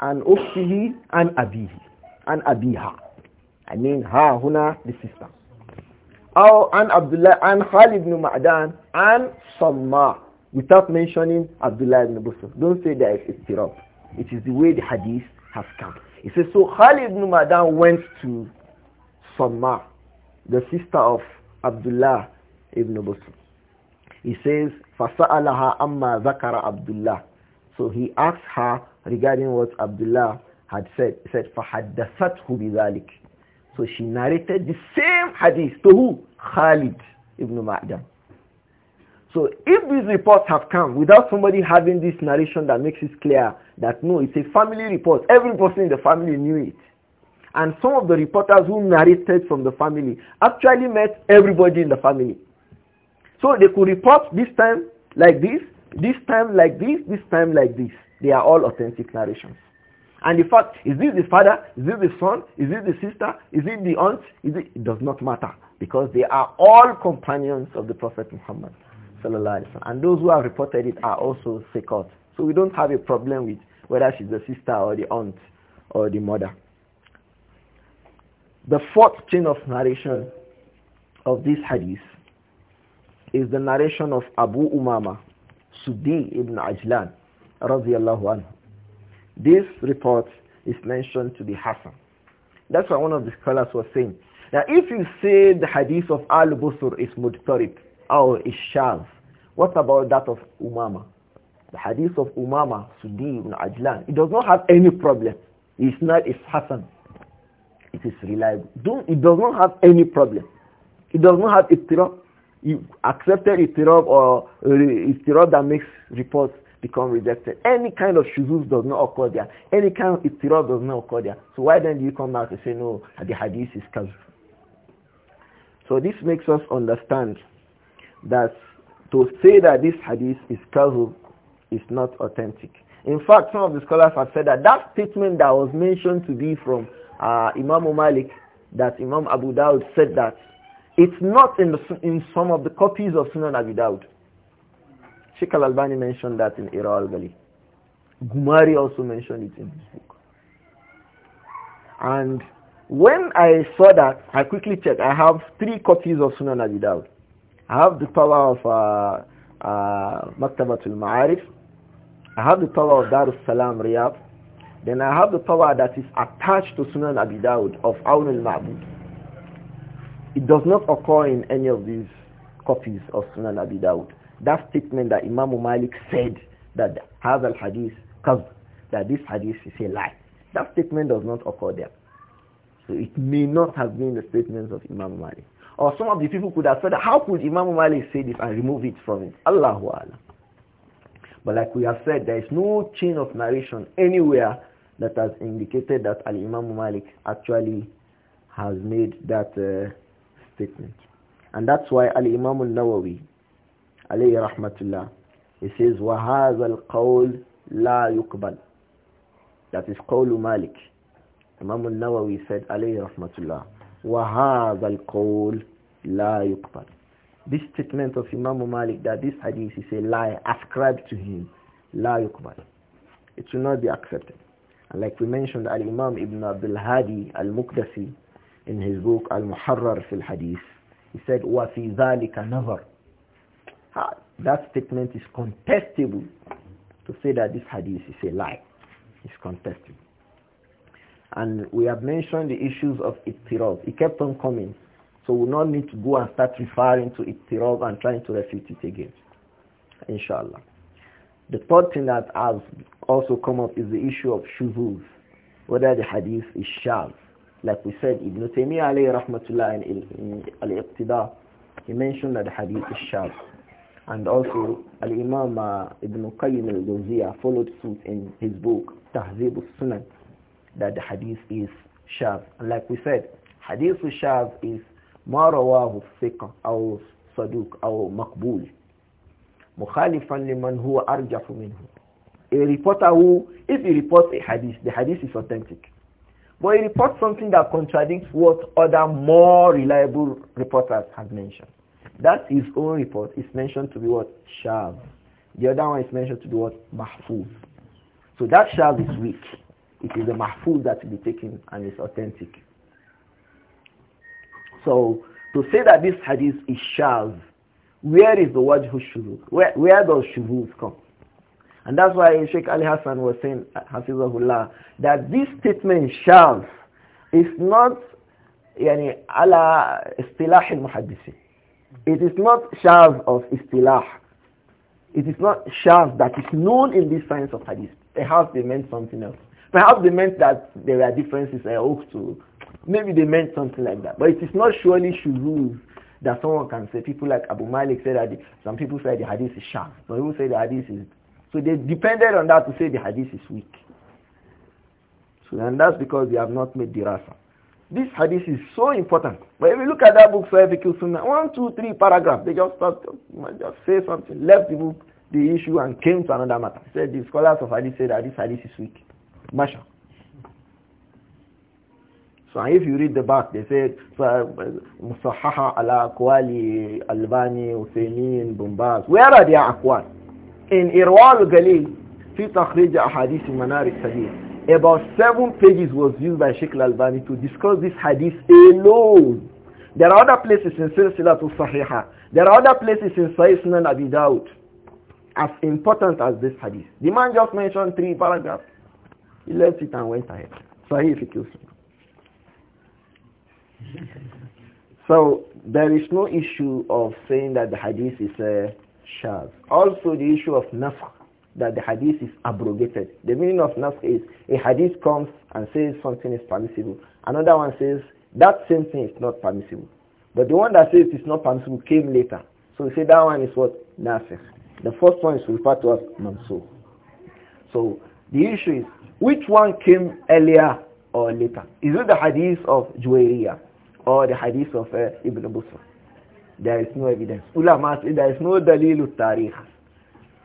Speaker 1: and ukhtihi and abihi and abiha I mean ha huna the sister أو عن Abdullah الله Khalid ibn Madan معدان Samma, without mentioning Abdullah ibn Busr. Don't say that it's istirab. It is the way the hadith has come. He says, so Khalid ibn Madan went to Samma, the sister of Abdullah ibn Busr. He says, "Fasa'alaha amma Zakara Abdullah. So he asked her regarding what Abdullah had said, said فَحَدَّثَتْهُ بِذَلِكَ So she narrated the same hadith to who? Khalid ibn Ma'dan. So if these reports have come without somebody having this narration that makes it clear that no, it's a family report. Every person in the family knew it. And some of the reporters who narrated from the family actually met everybody in the family. So they could report this time like this, this time like this, this time like this. They are all authentic narrations. And the fact, is this the father? Is this the son? Is this the sister? Is it the aunt? Is it, it does not matter because they are all companions of the Prophet Muhammad. And those who have reported it are also sikot. So we don't have a problem with whether she's the sister or the aunt or the mother. The fourth chain of narration of this hadith is the narration of Abu Umama, Sudi ibn Ajlan radiallahu anhu. This report is mentioned to be Hassan. That's what one of the scholars was saying. Now, if you say the hadith of Al-Busur is mudtarib or is shaz, what about that of Umama? The hadith of Umama, Sudi ibn Ajlan, it does not have any problem. It's not, it's Hassan. It is reliable. Don't, it does not have any problem. It does not have ittirab. You accepted ittirab or uh, that makes reports become rejected. Any kind of shuzuz does not occur there. Any kind of iftirah does not occur there. So why then do you come out and say, no, the hadith is casual. So this makes us understand that to say that this hadith is casual is not authentic. In fact, some of the scholars have said that that statement that was mentioned to be from uh, Imam Malik, that Imam Abu Dawud said that, it's not in, the, in some of the copies of Sunan Abu Dawud. Sheikh Al-Albani mentioned that in Ira al-Ghali. Gumari also mentioned it in his book. And when I saw that, I quickly checked. I have three copies of Sunan Abi Dawud. I have the power of uh, uh, Maktabatul Ma'arif. I have the power of Darus Salam Riyadh. Then I have the power that is attached to Sunan Abi Dawud of Awn al-Ma'bud. It does not occur in any of these copies of Sunan Abi Dawud. That statement that Imam Malik said that has al hadith, that this hadith is a lie. That statement does not occur there. So it may not have been the statements of Imam Malik. Or some of the people could have said, how could Imam Malik say this and remove it from it? Allahu Allah. But like we have said, there is no chain of narration anywhere that has indicated that Al-Imam Malik actually has made that uh, statement. And that's why Al-Imam al-Nawawi رحمة الله he says, وَهَذَا الْقَوْلِ لَا يُقْبَلُ That is قول مالك Imam al-Nawawi said, رحمة الله وَهَذَا الْقَوْلِ لَا يُقْبَلُ This statement of Imam Malik that this hadith is a lie ascribed to him, لا يقبل. It will not be accepted. And like we mentioned, Al-Imam Ibn Abdul Hadi Al-Muqdasi in his book Al-Muharrar fil Hadith, he said, وَفِي ذَلِكَ نَظَرٌ That statement is contestable to say that this hadith is a lie. It's contestable. And we have mentioned the issues of ittirab. It kept on coming. So we don't need to go and start referring to ittirab and trying to refute it again. Inshallah. The third thing that has also come up is the issue of shuzuz. Whether the hadith is shaz. Like we said, Ibn Taymiyyah alayhi rahmatullah in al-iqtida, he mentioned that the hadith is shaz. And also, Al-Imam uh, Ibn Qayyim al-Jawziyah followed suit in his book, Tahzib sunan that the hadith is shaz. And like we said, hadith shaz is ما رواه الثقة أو صدوق أو مقبول مخالفا لمن هو أرجح a reporter who if he reports a hadith the hadith is authentic but he reports something that contradicts what other more reliable reporters have mentioned that his own report is mentioned to be what? Shav. The other one is mentioned to be what? Mahfuz. So that Shav is weak. It is the Mahfuz that will be taken and is authentic. So to say that this hadith is Shav, where is the word shuvuz? Where, where does shuvuz come? And that's why Sheikh Ali Hassan was saying, Hafizahullah, that this statement Shav is not يعني ala istilah al-muhaddisin. It is not shaz of istilah. It is not shaz that is known in this science of hadith. Perhaps they meant something else. Perhaps they meant that there are differences I hope to. Maybe they meant something like that. But it is not surely shuruz that someone can say. People like Abu Malik said that the, some people say the hadith is shah. Some people say the hadith is... So they depended on that to say the hadith is weak. So and that's because they have not made dirasa. This hadith is so important. But if you look at that book, Sahih Sunnah, one, two, three paragraph, they just start, just say something, left the book, the issue, and came to another matter. Said the scholars of hadith say that this hadith is weak. Masha. So if you read the back, they say Musahaha ala Akwali, Albani, Uthaymeen, Bumbaz. Where are their akwal? In Irwal Galil, fi takhrij ahadith manar al about seven pages was used by Sheikh Al-Albani to discuss this hadith alone. There are other places in Silsilatul Sahiha. There are other places in Sahih Sunan Abi Dawud as important as this hadith. The man just mentioned three paragraphs. He left it and went ahead. Sahih him. So there is no issue of saying that the hadith is a uh, shaz. Also the issue of nafq that the hadith is abrogated. The meaning of nask is a hadith comes and says something is permissible. Another one says that same thing is not permissible. But the one that says it's not permissible came later. So we say that one is what? Nasikh. The first one is referred to as Mansur. So the issue is which one came earlier or later? Is it the hadith of Juwayriya or the hadith of uh, Ibn Abbas? There is no evidence. Ulama say there is no dalil tarikh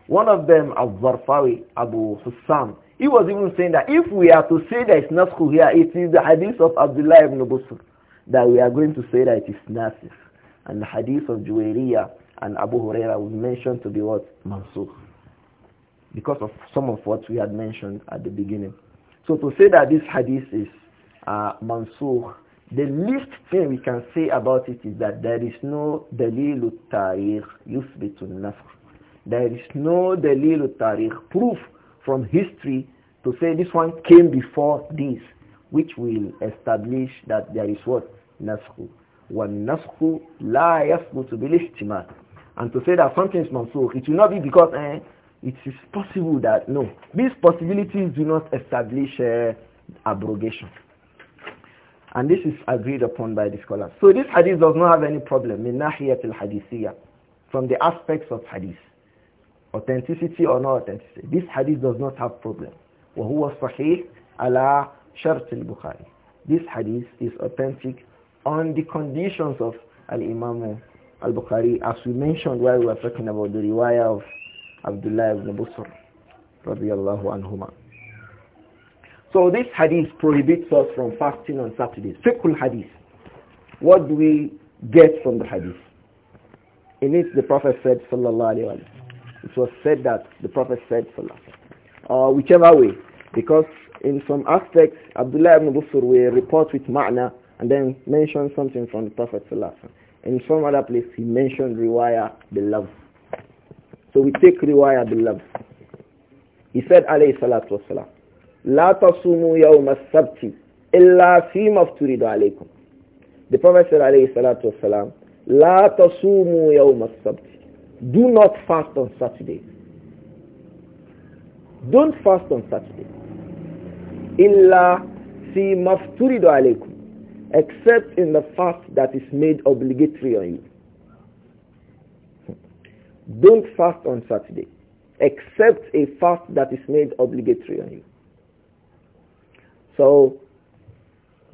Speaker 1: one of them, Abu zarfawi Abu Hussam, he was even saying that if we are to say that it's Nasku here, it is the hadith of Abdullah ibn Busr that we are going to say that it is Nasif. And the hadith of Juwairiyah and Abu Huraira was mentioned to be what? Mansukh. Because of some of what we had mentioned at the beginning. So to say that this hadith is uh, Mansukh, the least thing we can say about it is that there is no dalil used yusbitu nafkh there is no dalil tariq proof from history to say this one came before this, which will establish that there is what? Nasku. والنسخ لا be legitimate, and to say that something is mansukh it will not be because eh, it is possible that no these possibilities do not establish eh, abrogation and this is agreed upon by the scholars so this hadith does not have any problem min nahiyatil hadithiyya from the aspects of hadith authenticity or not authenticity. This hadith does not have problem. وَهُوَ الصَّحِيحِ عَلَى شَرْطِ الْبُخَارِ This hadith is authentic on the conditions of Al-Imam Al-Bukhari as we mentioned while we were talking about the riwayah of Abdullah ibn Busr radiyallahu anhuma. So this hadith prohibits us from fasting on Saturdays. Fiqhul hadith. What do we get from the hadith? In it the Prophet said sallallahu alayhi wa it was said that the Prophet said Salah. uh, whichever way. Because in some aspects, Abdullah ibn Busur will report with ma'na and then mention something from the Prophet Salah. In some other place, he mentioned riwayah love. So we take riwayah love. He said, alayhi salatu wasalam, La تصوموا yā السبت إلا فيما افترض alaykum. The Prophet said, alayhi salatu wasalam, La تصوموا yā السبت. Do not fast on Saturday. Don't fast on Saturday. Illa si mafturidu alaykum. Except in the fast that is made obligatory on you. Don't fast on Saturday. Except a fast that is made obligatory on you. So,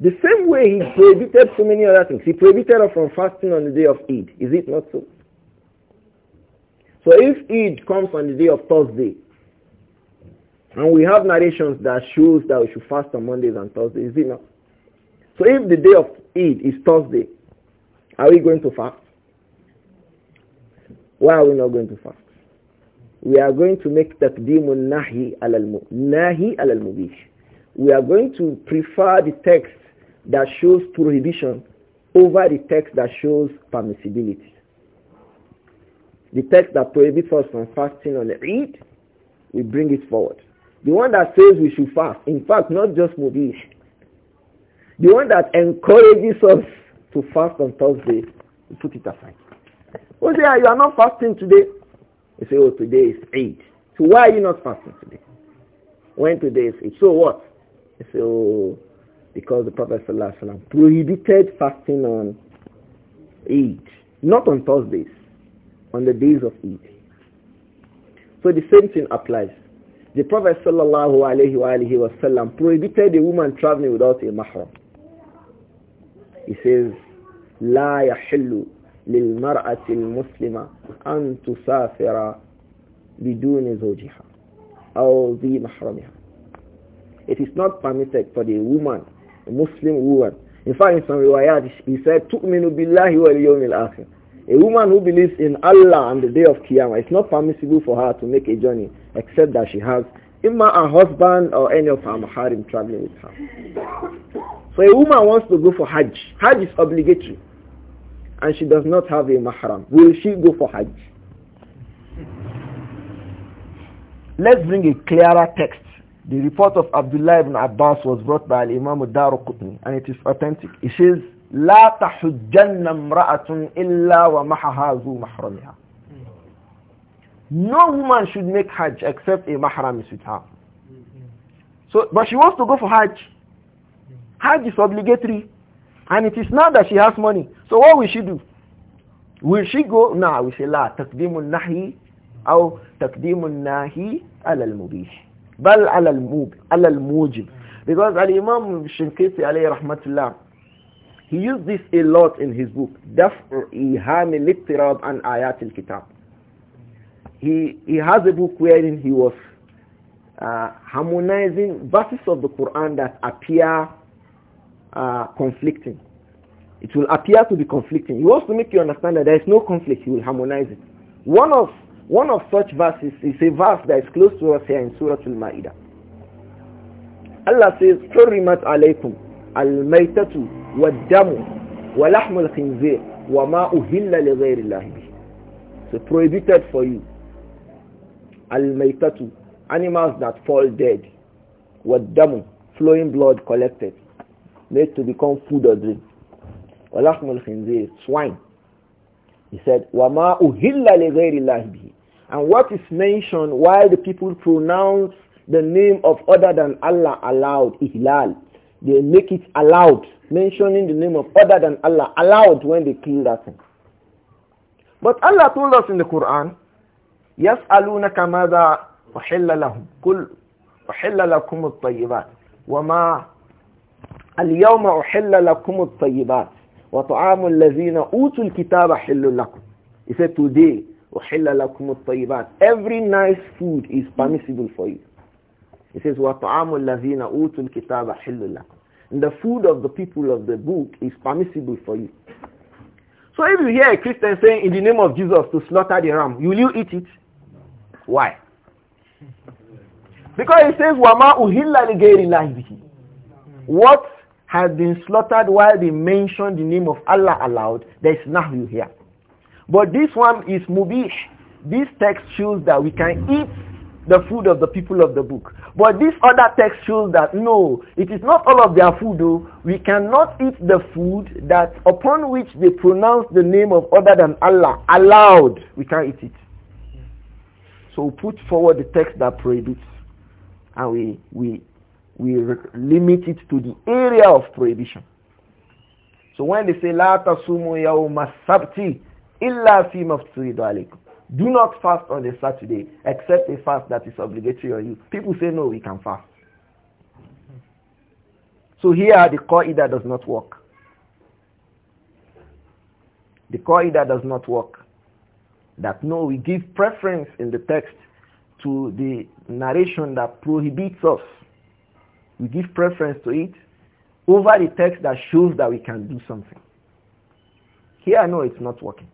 Speaker 1: the same way he prohibited so many other things. He prohibited us from fasting on the day of Eid. Is it not so? So if Eid comes on the day of Thursday, and we have narrations that shows that we should fast on Mondays and Thursdays, is it not? So if the day of Eid is Thursday, are we going to fast? Why are we not going to fast? We are going to make taqdeemun nahi al nahi alal mubih. We are going to prefer the text that shows prohibition over the text that shows permissibility. The text that prohibits us from fasting on Eid, we bring it forward. The one that says we should fast, in fact, not just Mubih. The one that encourages us to fast on Thursday, we put it aside. Oh, say, ah, you are not fasting today. We say, oh, today is Eid. So why are you not fasting today? When today is Eid. So what? You say, oh, because the Prophet prohibited fasting on Eid, not on Thursdays on the days of Eid. So the same thing applies. The Prophet sallallahu alaihi wasallam prohibited a woman traveling without a mahram. He says, لا يحل للمرأة المسلمة أن تسافر بدون زوجها أو ذي محرمها. It is not permitted for the woman, a Muslim woman. In fact, in some riwayat, he said, تؤمن بالله واليوم الآخر a woman who believes in Allah on the day of Qiyamah, it's not permissible for her to make a journey except that she has either a husband or any of her maharim traveling with her. So a woman wants to go for Hajj. Hajj is obligatory. And she does not have a mahram. Will she go for Hajj? Let's bring a clearer text. The report of Abdullah ibn Abbas was brought by Imam Daru Qutni and it is authentic. It says, لا تحجن امرأة إلا ومحها ذو محرمها No woman should make Hajj except a mahram is with her. So, but she wants to go for Hajj. Hajj is obligatory. And it is not that she has money. So what will she do? Will she go? Nah, we say la. تقديم النهي أو تقديم الناهي على ala بل على الموجب. على الموجب. Because Al-Imam Shinkiti alayhi rahmatullah he used this a lot in his book, Daf'u Iham al-Iqtirab and Ayat al-Kitab. He, he has a book wherein he was uh, harmonizing verses of the Quran that appear uh, conflicting. It will appear to be conflicting. He wants to make you understand that there is no conflict. He will harmonize it. One of, one of such verses is a verse that is close to us here in Surah Al-Ma'idah. Allah says, alaykum al الميتة والدم ولحم الخنزير وما أهل لغير الله به So prohibited for you الميتة animals that fall dead والدم flowing blood collected made to become food or drink ولحم الخنزير swine He said وما أهل لغير الله به And what is mentioned while the people pronounce the name of other than Allah aloud, Ihlal, they make it allowed, mentioning the name of other than Allah, allowed when they kill that thing. But Allah told us in the Quran, يَسْأَلُونَكَ مَاذَا أُحِلَّ لَهُمْ قُلْ أُحِلَّ لَكُمُ الطَّيِّبَاتِ وَمَا الْيَوْمَ أُحِلَّ لَكُمُ الطَّيِّبَاتِ وَطَعَامُ الَّذِينَ أُوتُوا الْكِتَابَ حِلٌّ لَكُمْ He said, today, أُحِلَّ لَكُمُ الطَّيِّبَاتِ Every nice food is permissible for you. It says, وَطَعَامُ الَّذِينَ أُوتُوا الْكِتَابَ حِلُّ لَكُمْ The food of the people of the book is permissible for you. So if you hear a Christian saying, in the name of Jesus, to slaughter the ram, will you eat it? Why? Because it says, وَمَا أُهِلَّ لِغَيْرِ اللَّهِ What has been slaughtered while they mention the name of Allah aloud, there is nothing here. But this one is mubish. This text shows that we can eat the food of the people of the book. But this other text shows that no, it is not all of their food. Though. We cannot eat the food that upon which they pronounce the name of other than Allah aloud. We can't eat it. So we put forward the text that prohibits, and we we we limit it to the area of prohibition. So when they say la tasumu yawma sabti illa fi mafturidu alaykum do not fast on a Saturday except a fast that is obligatory on you. People say, no, we can fast. So here the either does not work. The either does not work. That no, we give preference in the text to the narration that prohibits us. We give preference to it over the text that shows that we can do something. Here, no, it's not working.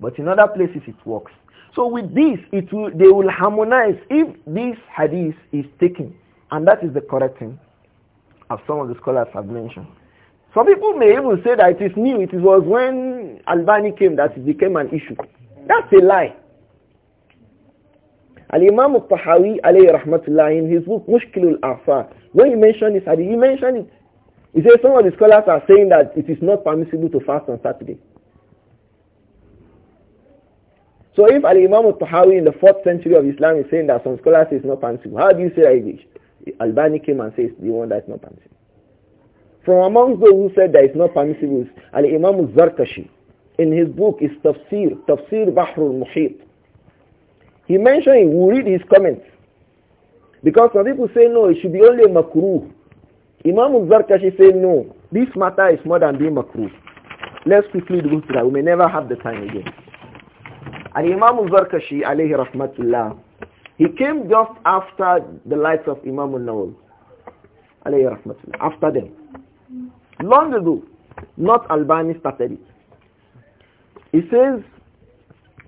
Speaker 1: But in other places it works. So with this, it will, they will harmonize if this hadith is taken. And that is the correct thing, as some of the scholars have mentioned. Some people may even say that it is new. It was when Albani came that it became an issue. That's a lie. Al-Imam al-Tahawi, alayhi rahmatullah, in his book Mushkil al-Afar, when he mentioned this hadith, he mentioned it. He says some of the scholars are saying that it is not permissible to fast on Saturday. So if Al-Imam al-Tahawi in the 4th century of Islam is saying that some scholars say it's not permissible, how do you say that it is? Albani came and says the one that's not permissible. From amongst those who said that it's not permissible is Al-Imam al-Zarkashi. In his book is Tafsir, Tafsir Bahrul Muhit. He mentioned, we read his comments. Because some people say no, it should be only a makruh. Imam al-Zarkashi said no, this matter is more than being makruh. Let's quickly go through that. We may never have the time again. And Imam al-Zarkashi, alayhi rahmatullah, he came just after the likes of Imam al nawal alayhi rahmatullah, after them. Long ago, not Albani started it. He says,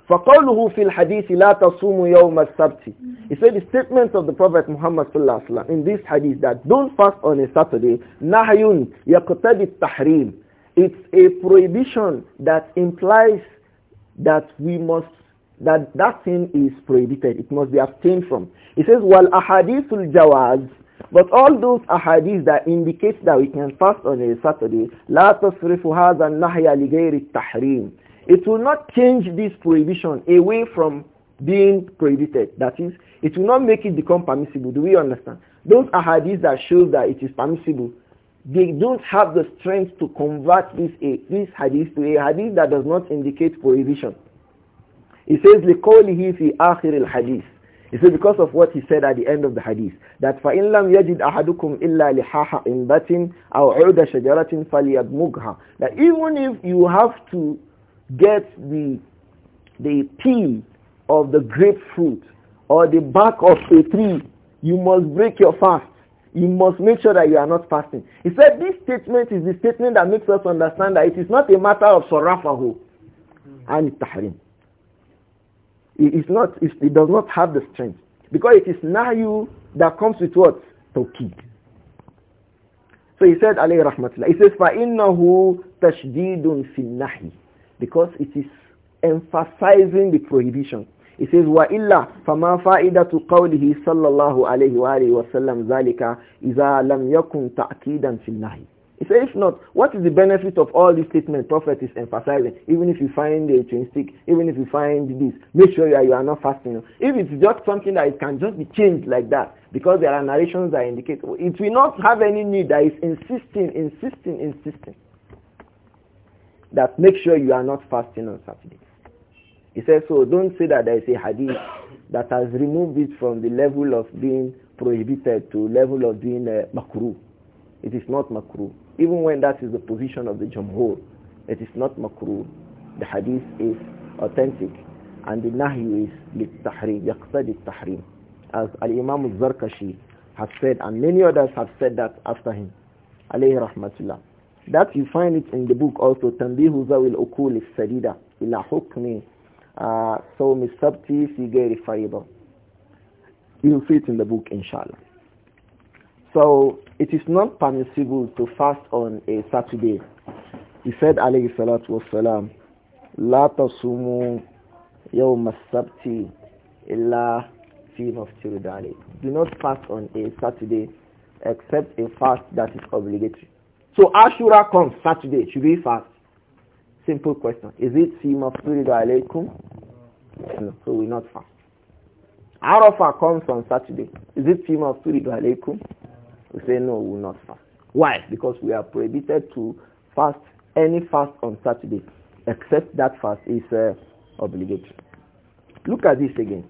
Speaker 1: فقوله في الحديث لا تصوم يوم السبت He said the statement of the Prophet Muhammad in this hadith that don't fast on a Saturday نهي يقتضي التحريم It's a prohibition that implies that we must that that thing is prohibited. It must be abstained from. It says, "Wal ahadithul jawaz." But all those ahadith that indicate that we can fast on a Saturday, la tasrifu hadha an-nahya li tahrim It will not change this prohibition away from being prohibited. That is, it will not make it become permissible. Do we understand? Those ahadith that show that it is permissible, they don't have the strength to convert this, a, eh, this hadith to a hadith that does not indicate prohibition. He says, لِقَوْلِهِ فِي آخِرِ الْحَدِيثِ He says because of what he said at the end of the hadith, that فَإِنْ لَمْ يَجِدْ أَحَدُكُمْ إِلَّا لِحَاحَ إِنْبَةٍ أَوْ عُودَ شَجَرَةٍ فَلْيَدْمُغْهَا That even if you have to get the, the peel of the grapefruit or the bark of a tree, you must break your fast you must make sure that you are not fasting. He said this statement is the statement that makes us understand that it is not a matter of sarafahu and tahrim. It is not, it does not have the strength. Because it is nahyu that comes with what? Tawqid. So he said, alayhi rahmatullah, he says, فَإِنَّهُ تَشْدِيدٌ فِي النَّحِي Because it is emphasizing the prohibition. He says, وَإِلَّا فَمَا فَائِدَةُ قَوْلِهِ alayhi wa عَلَيْهِ wa sallam zalika. إِذَا lam يَكُنْ تَأْكِيدًا فِي He says, if not, what is the benefit of all these statements Prophet is emphasizing? Even if you find a twin stick, even if you find this, make sure that you are not fasting. If it's just something that it can just be changed like that, because there are narrations that indicate, it will not have any need that is insisting, insisting, insisting that make sure you are not fasting on Saturday. He said, so don't say that there is a hadith that has removed it from the level of being prohibited to level of being uh, makruh. It is not makruh. Even when that is the position of the jumhur, it is not makruh. The hadith is authentic and the nahi is للتحريم يقتضي التحريم as al-imam al-zarkashi has said and many others have said that after him alayhi rahmatullah that you find it in the book also tanbihu zawil uqul as-sadida ila hukmi so misabti في غير You'll see it in the book, inshallah. So, it is not permissible to fast on a Saturday. He said, alayhi salatu wasalam, لا تصوموا يوم السبت إلا في مفترض عليكم. Do not fast on a Saturday except a fast that is obligatory. So Ashura comes Saturday. Should we fast? Simple question. Is it fi mafsuridu alaykum? No, so we not fast. Arafah comes on Saturday. Is it fi mafsuridu alaykum? We say no, we are not fast. Why? Because we are prohibited to fast any fast on Saturday except that fast is uh, obligatory. Look at this again.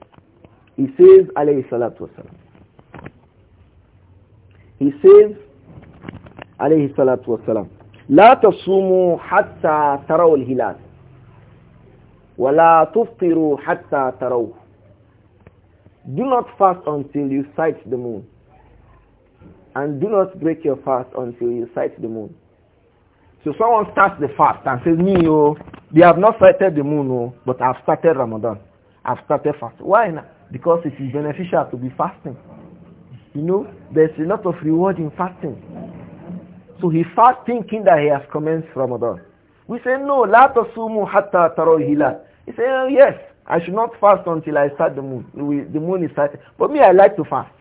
Speaker 1: He says, alayhi salatu wasalam. He says, alayhi salatu wasalam, لا تصوموا حتى تروا الهلال ولا تفطروا حتى Do not fast until you sight the moon and do not break your fast until you sight the moon. So someone starts the fast and says, me, oh, they have not sighted the moon, oh, but I've started Ramadan. I've started fast. Why not? Because it is beneficial to be fasting. You know, there's a lot of reward in fasting. So he starts thinking that he has commenced Ramadan. We say, no, la tasumu hatta taro hilal. He say, oh, yes, I should not fast until I start the moon. We, the moon is starting. But me, I like to fast.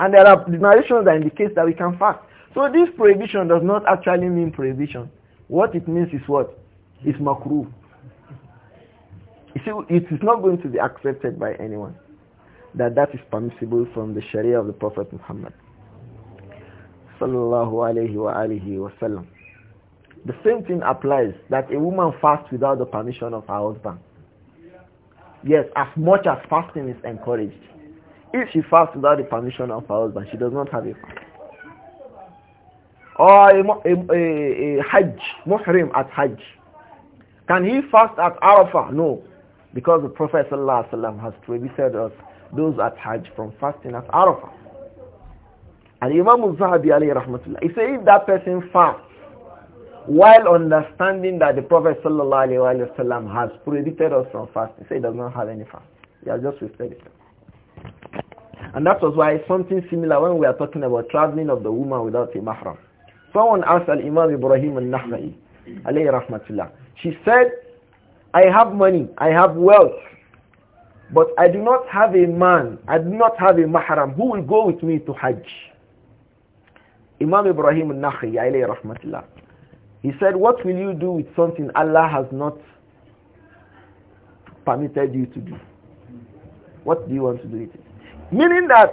Speaker 1: And there are narrations that indicate that we can fast. So this prohibition does not actually mean prohibition. What it means is what? It's makruh. You see, it is not going to be accepted by anyone that that is permissible from the Sharia of the Prophet Muhammad sallallahu alayhi wa alihi wa sallam. The same thing applies that a woman fasts without the permission of her husband. Yes, as much as fasting is encouraged. If she fasts without the permission of her husband, she does not have a fast. Or a, a, a, a Hajj, Muhrim at Hajj. Can he fast at Arafah? No. Because the Prophet ﷺ has prohibited us, those at Hajj, from fasting at Arafah. And Imam zahabi alayhi rahmatullah, he said if that person fasts while understanding that the Prophet sallallahu alayhi wasallam has prohibited us from fasting, he said he does not have any fast. He has just wasted it. And that was why something similar when we are talking about traveling of the woman without a mahram. Someone asked Al-Imam Ibrahim al-Nahra'i, alayhi rahmatullah. She said, I have money, I have wealth, but I do not have a man, I do not have a mahram who will go with me to Hajj. Imam Ibrahim Nahi nakhi alayhi rahmatullah, he said, what will you do with something Allah has not permitted you to do? What do you want to do with it? Meaning that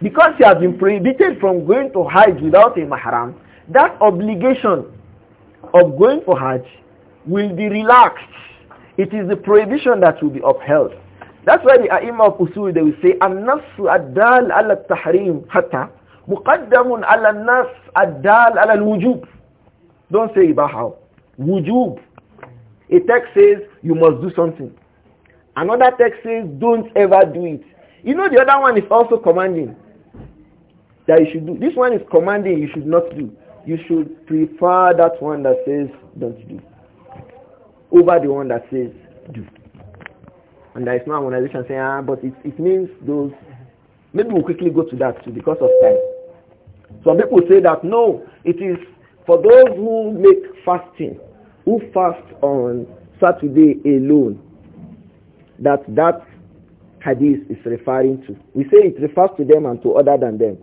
Speaker 1: because he has been prohibited from going to Hajj without a mahram, that obligation of going for Hajj will be relaxed. It is the prohibition that will be upheld. That's why the Aima of Usul, they will say, النَّصُ أَدَّالَ عَلَى التَّحْرِيمِ حَتَّى مقدم على الناس الدال على الوجوب don't say ibaha wujub a text says you must do something another text says don't ever do it you know the other one is also commanding that you should do this one is commanding you should not do you should prefer that one that says don't do over the one that says do and there is no harmonization saying ah but it, it means those maybe we'll quickly go to that too because of time some people say that no, it is for those who make fasting, who fast on Saturday alone, that that hadith is referring to. We say it refers to them and to other than them.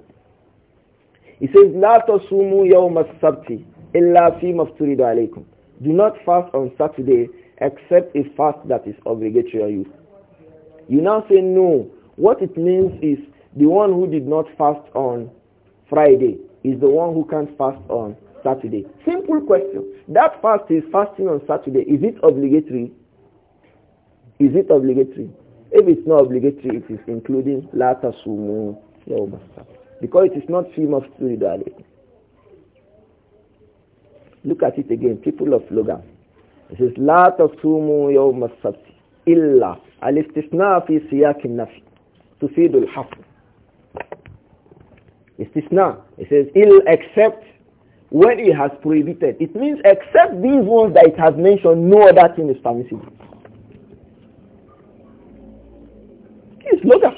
Speaker 1: It says, لا تصوموا يوم السبت إلا فيما افترض عليكم. Do not fast on Saturday except a fast that is obligatory on you. You now say no. What it means is the one who did not fast on Friday is the one who can't fast on Saturday? Simple question. That fast is fasting on Saturday. Is it obligatory? Is it obligatory? If it's not obligatory, it is including Lata Sumu Because it is not film of spirituality. Look at it again, people of Logan. It says, لا تصوموا يوم السبت إلا الاستثناء في سياق النفي Istisna. It says, ill except when it has prohibited. It means except these ones that it has mentioned, no other thing is permissible. It's local.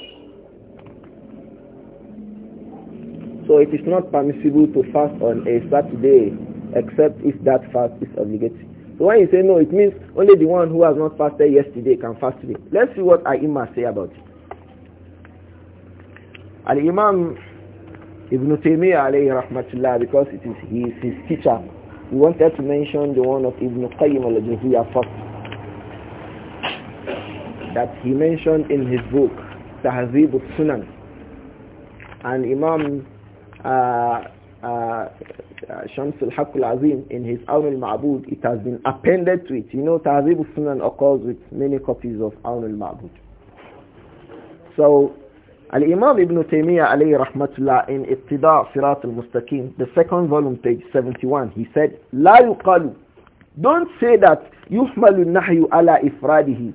Speaker 1: So it is not permissible to fast on a Saturday except if that fast is obligatory. So when you say no, it means only the one who has not fasted yesterday can fast today. Let's see what our imam say about it. Al-Imam Ibn Taymiyyah alayhi rahmatullah because it is his teacher. We wanted to mention the one of Ibn Qayyim al-Jawziyyah first that he mentioned in his book Tahzib al-Sunan and Imam uh, uh, Shams al-Haq al-Azim in his Awn al-Ma'bud it has been appended to it you know Tahzib al-Sunan occurs with many copies of Awn al-Ma'bud so Al-Imam Ibn Taymiyyah alayhi rahmatullah in Iqtida' Sirat al-Mustaqim, the second volume, page 71, he said, لا يقال Don't say that يحمل النحي على إفراده.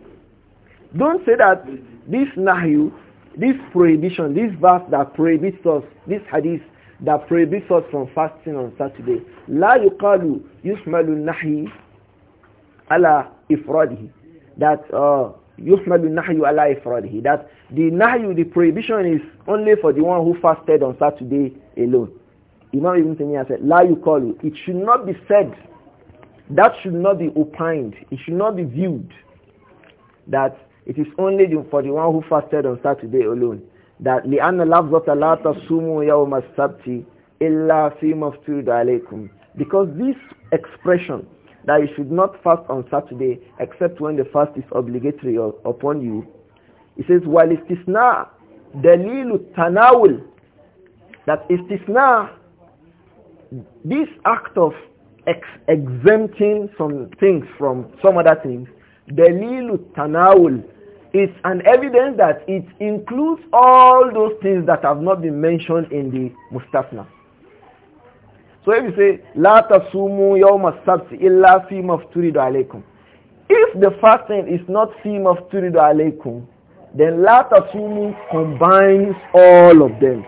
Speaker 1: Don't say that this nahyu, this prohibition, this verse that prohibits us, this hadith that prohibits us from fasting on Saturday. لا يقال يحمل النحي على إفراده. That uh, يُحْمَلُ النَّحْيُ عَلَى إِفْرَادِهِ That the nahyu, the prohibition is only for the one who fasted on Saturday alone. Imam Ibn Taymiyyah said, "La yuqalu." It should not be said, that should not be opined, it should not be viewed that it is only for the one who fasted on Saturday alone. That لِأَنَّ لَفْظَةَ لَا تَصُومُوا يَوْمَ illa إِلَّا فِي مَفْتُودَ عَلَيْكُمْ Because this expression, that you should not fast on Saturday except when the fast is obligatory upon you. He says, while istisna, dalilu tanawul, that istisna, this act of ex exempting some things from some other things, dalilu tanawul, is an evidence that it includes all those things that have not been mentioned in the mustafna. So if you say, La tasumu yawma sabti illa fi mafturidu alaykum. If the fasting is not fi mafturidu alaykum, then La tasumu combines all of them.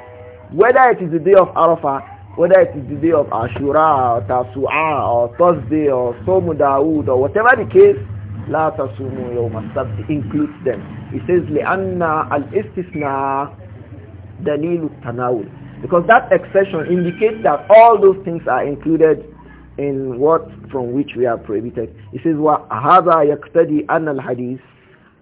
Speaker 1: Whether it is the day of Arafah, whether it is the day of Ashura or Tasu'a or Thursday or Somu Dawood or whatever the case, La tasumu yawma sabti includes them. It says, al istisna دليل التناول because that exception indicates that all those things are included in what from which we are prohibited. It says, وَهَذَا يَقْتَدِي أَنَّ الْحَدِيثِ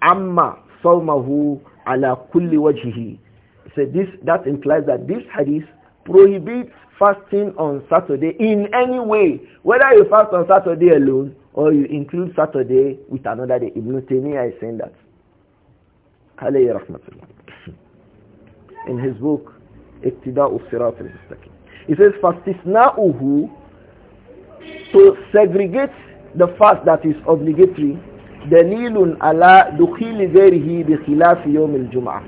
Speaker 1: أَمَّا صَوْمَهُ عَلَى كُلِّ وَجْهِهِ He said, this, that implies that this hadith prohibits fasting on Saturday in any way, whether you fast on Saturday alone or you include Saturday with another day. Ibn Taymiyyah is saying that. In his book, iqtida'u sirat al-mustaqim. He says fastisna'uhu to segregate the fast that is obligatory dalilun ala dukhili ghairihi bi khilaf yawm al-jum'ah.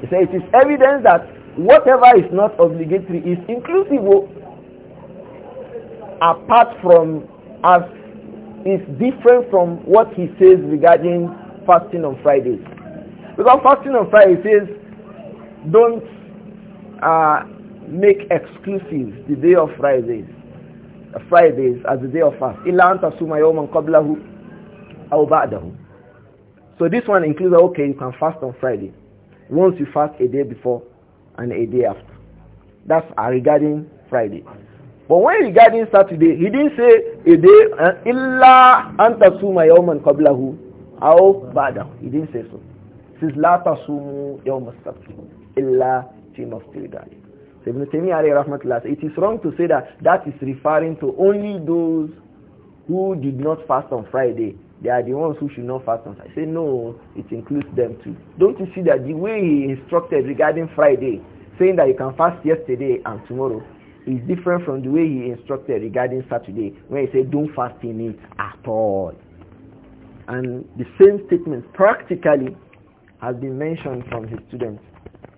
Speaker 1: He says it is evidence that whatever is not obligatory is inclusive oh, apart from as is different from what he says regarding fasting on Fridays. Because fasting on Friday says don't uh, make exclusive the day of Fridays, uh, Fridays as the day of fast. إلا أن تصوم يوما قبله أو بعده. So this one includes okay, you can fast on Friday once you fast a day before and a day after. That's uh, regarding Friday. But when regarding Saturday, he didn't say a day illa antasuma yawman qablahu aw He didn't say so. It says la tasumu yawm as illa so Ibn Taymiyyah it is wrong to say that that is referring to only those who did not fast on Friday. They are the ones who should not fast on Friday. I say no, it includes them too. Don't you see that the way he instructed regarding Friday, saying that you can fast yesterday and tomorrow, is different from the way he instructed regarding Saturday, when he said don't fast in it at all. And the same statement practically has been mentioned from his students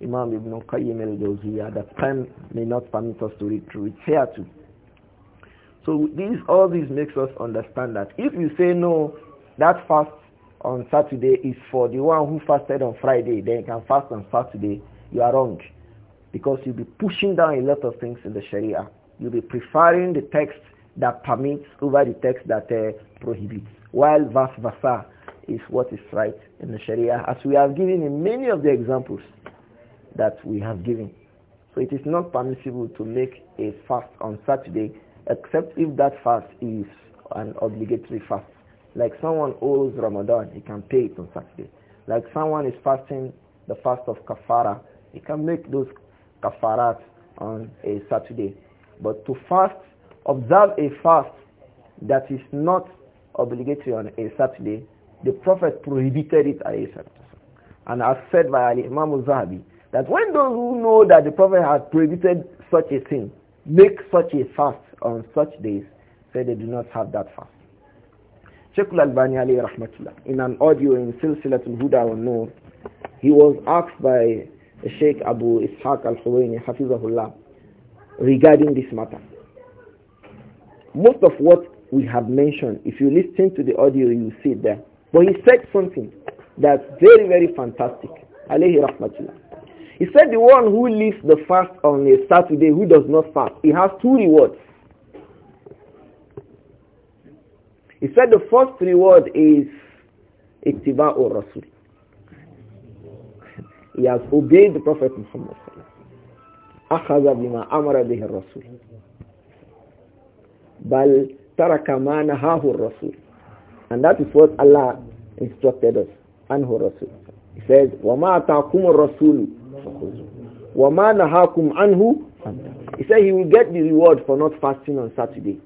Speaker 1: Imam Ibn Qayyim al-Jawziyah that time may not permit us to read through it here too. So these, all this makes us understand that if you say no, that fast on Saturday is for the one who fasted on Friday, then you can fast on Saturday, you are wrong. Because you'll be pushing down a lot of things in the Sharia. You'll be preferring the text that permits over the text that uh, prohibits. While vice vasa is what is right in the Sharia, as we have given in many of the examples that we have given. So it is not permissible to make a fast on Saturday except if that fast is an obligatory fast. Like someone owes Ramadan, he can pay it on Saturday. Like someone is fasting the fast of kafara, he can make those kafarat on a Saturday. But to fast, observe a fast that is not obligatory on a Saturday, the Prophet prohibited it And as said by Ali Imam al Zahabi, that when those who know that the Prophet has prohibited such a thing, make such a fast on such days, say they do not have that fast. Sheikh rahmatullah, in an audio in Silsilatul Huda wa Nur, he was asked by Sheikh Abu Ishaq Al-Huwaini, Hafizahullah, regarding this matter. Most of what we have mentioned, if you listen to the audio, you see there. But he said something that's very, very fantastic. Alayhi rahmatullah. He said the one who leaves the fast on a Saturday, who does not fast, he has two rewards. He said the first reward is or rasul. He has obeyed the Prophet Muhammad أخذ بما أمر به الرسول بل ترك ما نهاه الرسول and that is what Allah instructed us Anhu Rasul. he says وما أتاكم الرسول Wamana hakum anhu. He said he will get the reward for not fasting on Saturday.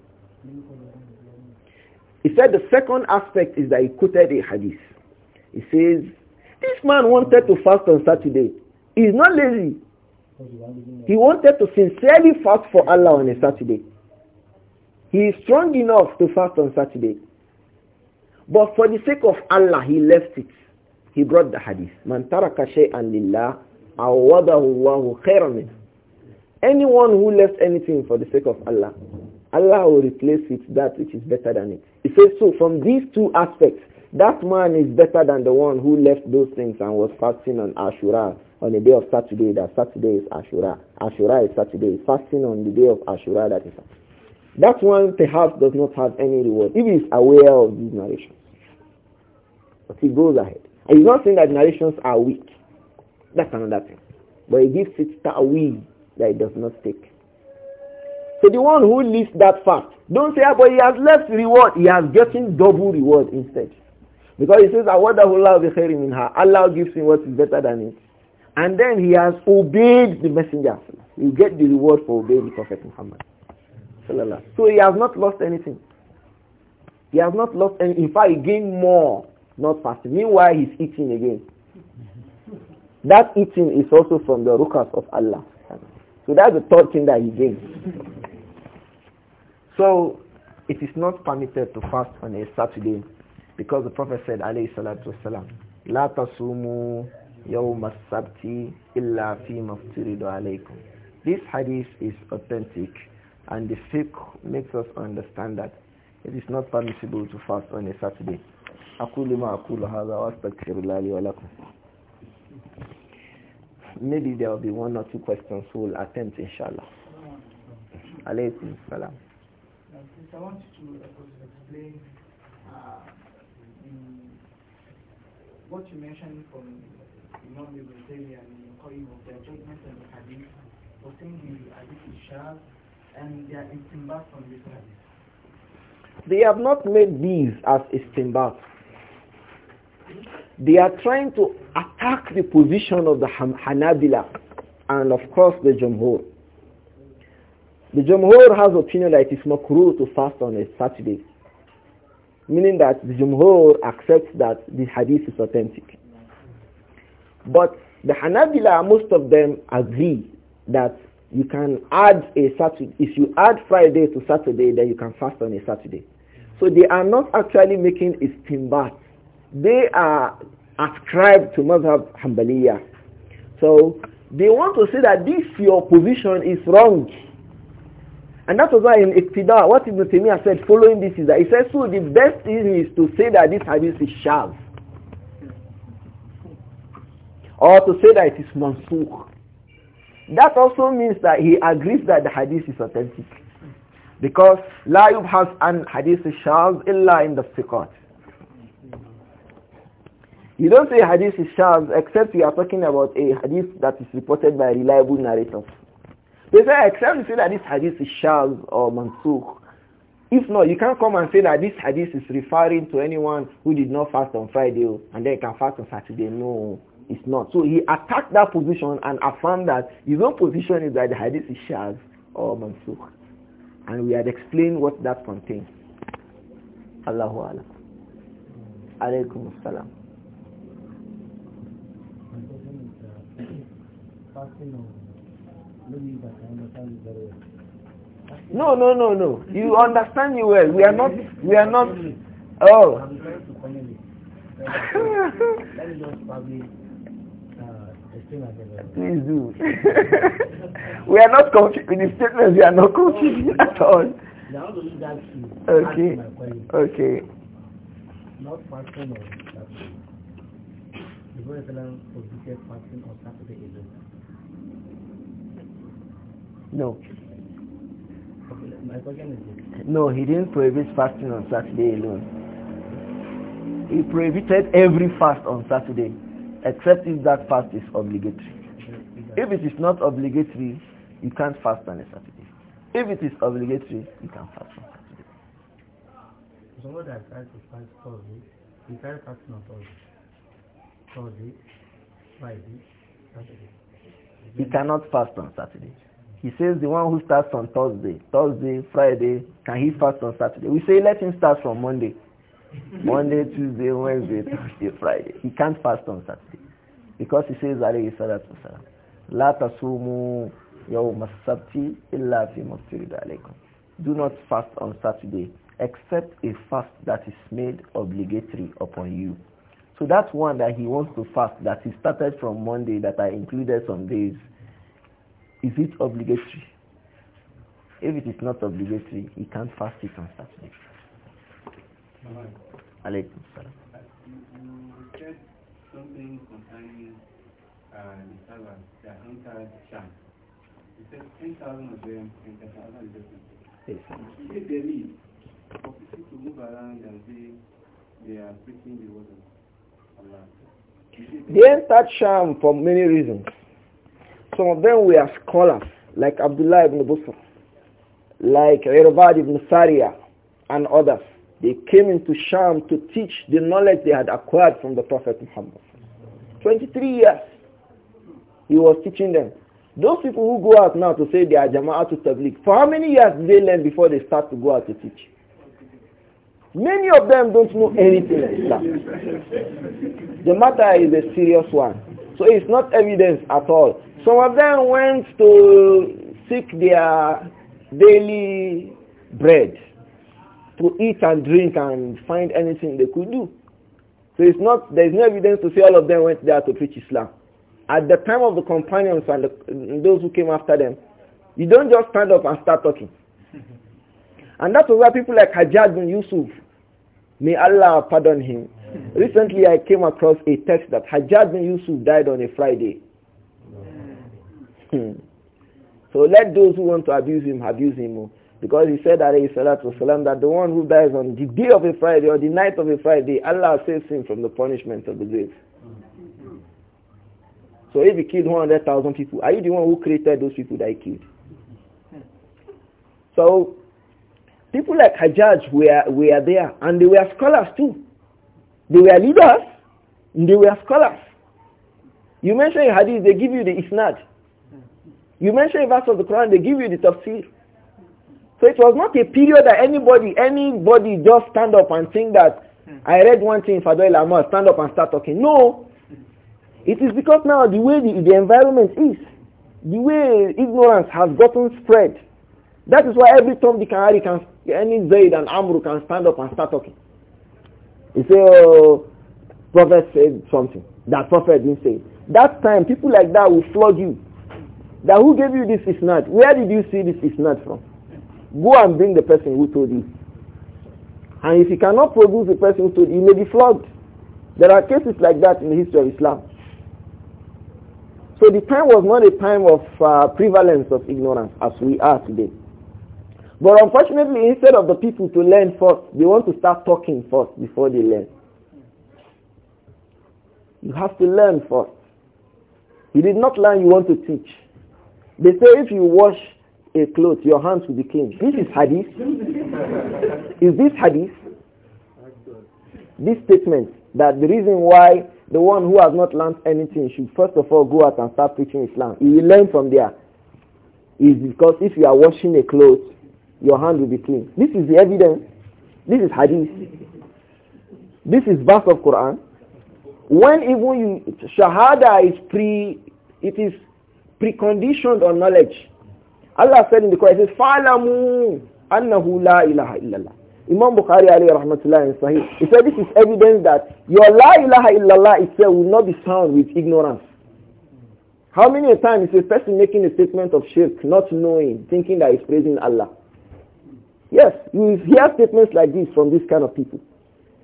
Speaker 1: He said the second aspect is that he quoted a hadith. He says, this man wanted to fast on Saturday. He's not lazy. He wanted to sincerely fast for Allah on a Saturday. He is strong enough to fast on Saturday. But for the sake of Allah, he left it. He brought the hadith. Man taraka shay'an lillah awadahu khairan minhu. Anyone who left anything for the sake of Allah, Allah will replace with that which is better than it. He says so from these two aspects, that man is better than the one who left those things and was fasting on Ashura on the day of Saturday that Saturday is Ashura. Ashura is Saturday. Fasting on the day of Ashura that is Saturday. That one perhaps does not have any reward if he is aware of these narrations. But he goes ahead. And he's not saying that narrations are weak. That's another thing. But he gives it wing that it does not take. So the one who leaves that fast, don't say, ah, but he has left reward. He has gotten double reward instead. Because he says, Allah in her. Allah gives him what is better than it. And then he has obeyed the messenger. You get the reward for obeying the Prophet Muhammad. So he has not lost anything. He has not lost any. In fact, he gained more, not fasting. Meanwhile, he's eating again. That eating is also from the rukas of Allah. So that's the third thing that he gave. So it is not permitted to fast on a Saturday because the Prophet said, alayhi salatu wasalam, لا تَصُومُوا يَوْمَ السَّبْتِ إِلَّا فِي مَفْتِرِدُ عَلَيْكُمْ This hadith is authentic and the fiqh makes us understand that it is not permissible to fast on a Saturday. أقول ما أقول هذا وأستغفر الله لي ولكم maybe there will be one or two questions we'll attempt, inshallah. Alaykum salam. I want you to uh, explain uh, what you mentioned from Imam Ibn Taymiyyah and Qayyim of their judgment and the hadith, for saying the hadith is sharp and their istimbat from this hadith. They have not made these as istimbat. They are trying to attack the position of the Hanabila and of course the Jumhur. The Jumhur has opinion that it is makruh to fast on a Saturday. Meaning that the Jumhur accepts that the hadith is authentic. But the Hanabila, most of them agree that you can add a Saturday. If you add Friday to Saturday, then you can fast on a Saturday. So they are not actually making istimbat they are ascribed to Mazhab Hanbaliya. So they want to say that this your position is wrong. And that was why in Iqtida, what Ibn Taymiyyah said following this is that he says, so the best thing is to say that this hadith is shaz. Or to say that it is mansukh. That also means that he agrees that the hadith is authentic. Because la has an hadith shaz illa in the fiqat. You don't say hadith is shaz except you are talking about a hadith that is reported by reliable narrator. They say except you say that this hadith is shaz or mansukh. If not, you can't come and say that this hadith is referring to anyone who did not fast on Friday oh, and then can fast on Saturday. No, it's not. So he attacked that position and affirmed that his own position is that the hadith is shaz or mansukh. And we had explained what that contains. Allahu Alam. As Salam. No, no, no, no. You understand me well. We are not, we are not, oh. Please do. we are not confused. In the statements, we are not confused at all. Okay. Okay. Not fasting on The fasting on Saturday no. No, he didn't prohibit fasting on Saturday alone. He prohibited every fast on Saturday, except if that fast is obligatory. If it is not obligatory, you can't fast on a Saturday. If it is obligatory, you can fast on Saturday. Someone that tries to fast Thursday, he tries fasting on Thursday. Thursday, Friday, Saturday. He cannot fast on Saturday. He says the one who starts on Thursday, Thursday, Friday, can he fast on Saturday? We say let him start from Monday. Monday, Tuesday, Wednesday, Thursday, Friday. He can't fast on Saturday. Because he says alayhi salatu wasalam. La tasumu yawma illa fi alaykum. Do not fast on Saturday except a fast that is made obligatory upon you. So that's one that he wants to fast that he started from Monday that I included some days is it obligatory? If it is not obligatory, he can't fast it on Saturday. Alaykum salam. You said something concerning uh, the servants that entered Sham. You said 10,000 of them and 10,000 Yes. If they leave, for people to move around and say they are preaching the word of Allah. The entered Sham for many reasons. Some of them were scholars, like Abdullah ibn Busr, like Irbad ibn Sariya, and others. They came into Sham to teach the knowledge they had acquired from the Prophet Muhammad. 23 years he was teaching them. Those people who go out now to say they are Jama'at to Tabligh, for how many years did they learn before they start to go out to teach? Many of them don't know anything like that. The matter is a serious one. So it's not evidence at all. Some of them went to seek their daily bread to eat and drink and find anything they could do. So it's not, there's no evidence to say all of them went there to preach Islam. At the time of the companions and the, those who came after them, you don't just stand up and start talking. And that's why people like Hajjaj bin Yusuf, may Allah pardon him, Recently, I came across a text that Hajjaj bin Yusuf died on a Friday. Hmm. so let those who want to abuse him, abuse him. Oh. Because he said, that the one who dies on the day of a Friday or the night of a Friday, Allah saves him from the punishment of the grave. So if he killed 100,000 people, are you the one who created those people that he killed? So people like Hajjaj were, were there, and they were scholars too. They were leaders. They were scholars. You mention a hadith, they give you the isnad. You mention a verse of the Quran, they give you the tafsir. So it was not a period that anybody, anybody just stand up and think that I read one thing in Fadoil Amal, stand up and start talking. No. It is because now the way the, the environment is, the way ignorance has gotten spread. That is why every Tom, Dick and Harry can, any Zaid and Amru can stand up and start talking. He say, oh, prophet said something. That prophet didn't say. That time, people like that will flog you. That who gave you this is not. Where did you see this is not from? Go and bring the person who told you. And if you cannot produce the person who told you, you may be flogged. There are cases like that in the history of Islam. So the time was not a time of uh, prevalence of ignorance as we are today. But unfortunately, instead of the people to learn first, they want to start talking first before they learn. You have to learn first. You did not learn, you want to teach. They say if you wash a cloth, your hands will be clean. This is hadith. is this hadith? This statement that the reason why the one who has not learned anything should first of all go out and start preaching Islam. He will learn from there. Is because if you are washing a cloth, your hand will be clean. This is the evidence. This is hadith. This is verse of Quran. When even you, shahada is pre, it is preconditioned on knowledge. Allah said in the Quran, it says, فَعْلَمُوا أَنَّهُ لَا إِلَهَ إِلَّا اللَّهِ Imam Bukhari Ali rahmatullah in Sahih, he said this is evidence that your la ilaha illallah itself will not be sound with ignorance. How many times is a person making a statement of shirk, not knowing, thinking that he's praising Allah? Yes, you hear statements like this from these kind of people.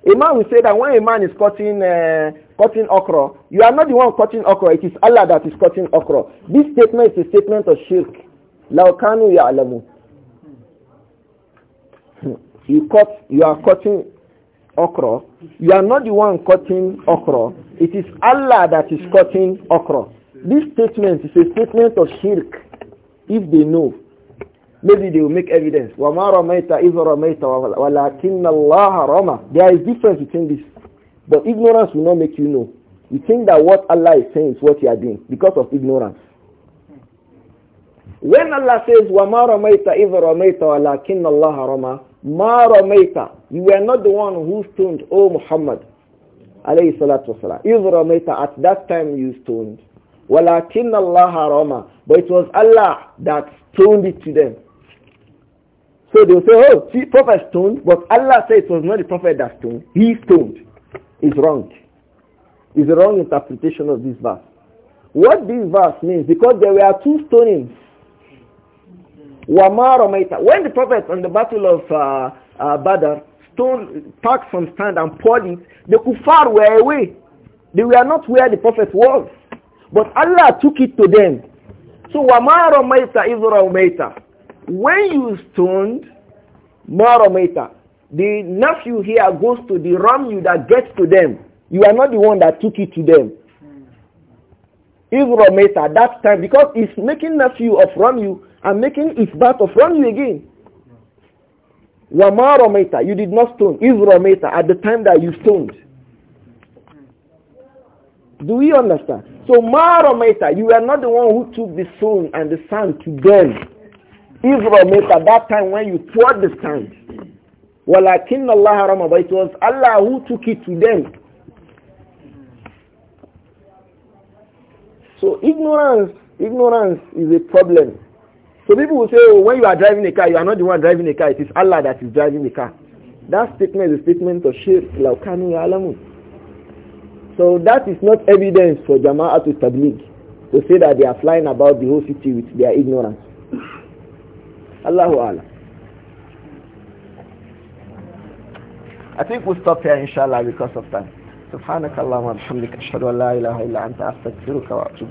Speaker 1: A man will say that when a man is cutting uh, cutting okra, you are not the one cutting okra. It is Allah that is cutting okra. This statement is a statement of shirk. Laukanu ya'lamu. You cut, you are cutting okra. You are not the one cutting okra. It is Allah that is cutting okra. This statement is a statement of shirk. If they know, Maybe they will make evidence. وَمَا رَمَيْتَ إِذْ رَمَيْتَ وَلَكِنَّ اللَّهَ رَمَى There is difference between this. But ignorance will not make you know. You think that what Allah is saying is what you are doing because of ignorance. When Allah says, وَمَا رَمَيْتَ إِذْ رَمَيْتَ وَلَكِنَّ اللَّهَ رَمَى مَا رَمَيْتَ You were not the one who stoned, O Muhammad. Alayhi salatu wasalam. إِذْ رَمَيْتَ At that time you stoned. وَلَكِنَّ اللَّهَ رَمَى But it was Allah that stoned it to them. So they'll say, oh, see, prophet stoned, but Allah said it was not the prophet that stoned. He stoned. It's wrong. It's a wrong interpretation of this verse. What this verse means, because there were two stonings. Wama Romaita. When the prophet on the battle of uh, uh, Badr stoned, packed some sand and poured it, the kuffar were away. They were not where the prophet was. But Allah took it to them. So Wama Romaita is Romaita. When you stoned, Marometa, the nephew here goes to the Ramu that gets to them. You are not the one that took it to them. Ivrometa, that time, because it's making nephew of Ramu and making it part of Ramu again. Wama you did not stone. Ivrometa, at the time that you stoned. Do we understand? So Marometa, you are not the one who took the stone and the sand to them. Israel made at that time when you poured the sand. I اللَّهَ رَمَى But it was Allah who took it to them. So ignorance, ignorance is a problem. So people will say, oh, when you are driving a car, you are not the one driving a car. It is Allah that is driving the car. That statement is a statement of shirk. Laukanu alamu. So that is not evidence for Jama'at to Tabligh to say that they are flying about the whole city with their ignorance. Allahu Alam. I think we'll stop here inshallah because of time. سبحانك اللهم وبحمدك أشهد أن لا إله إلا أنت أستغفرك وأتوب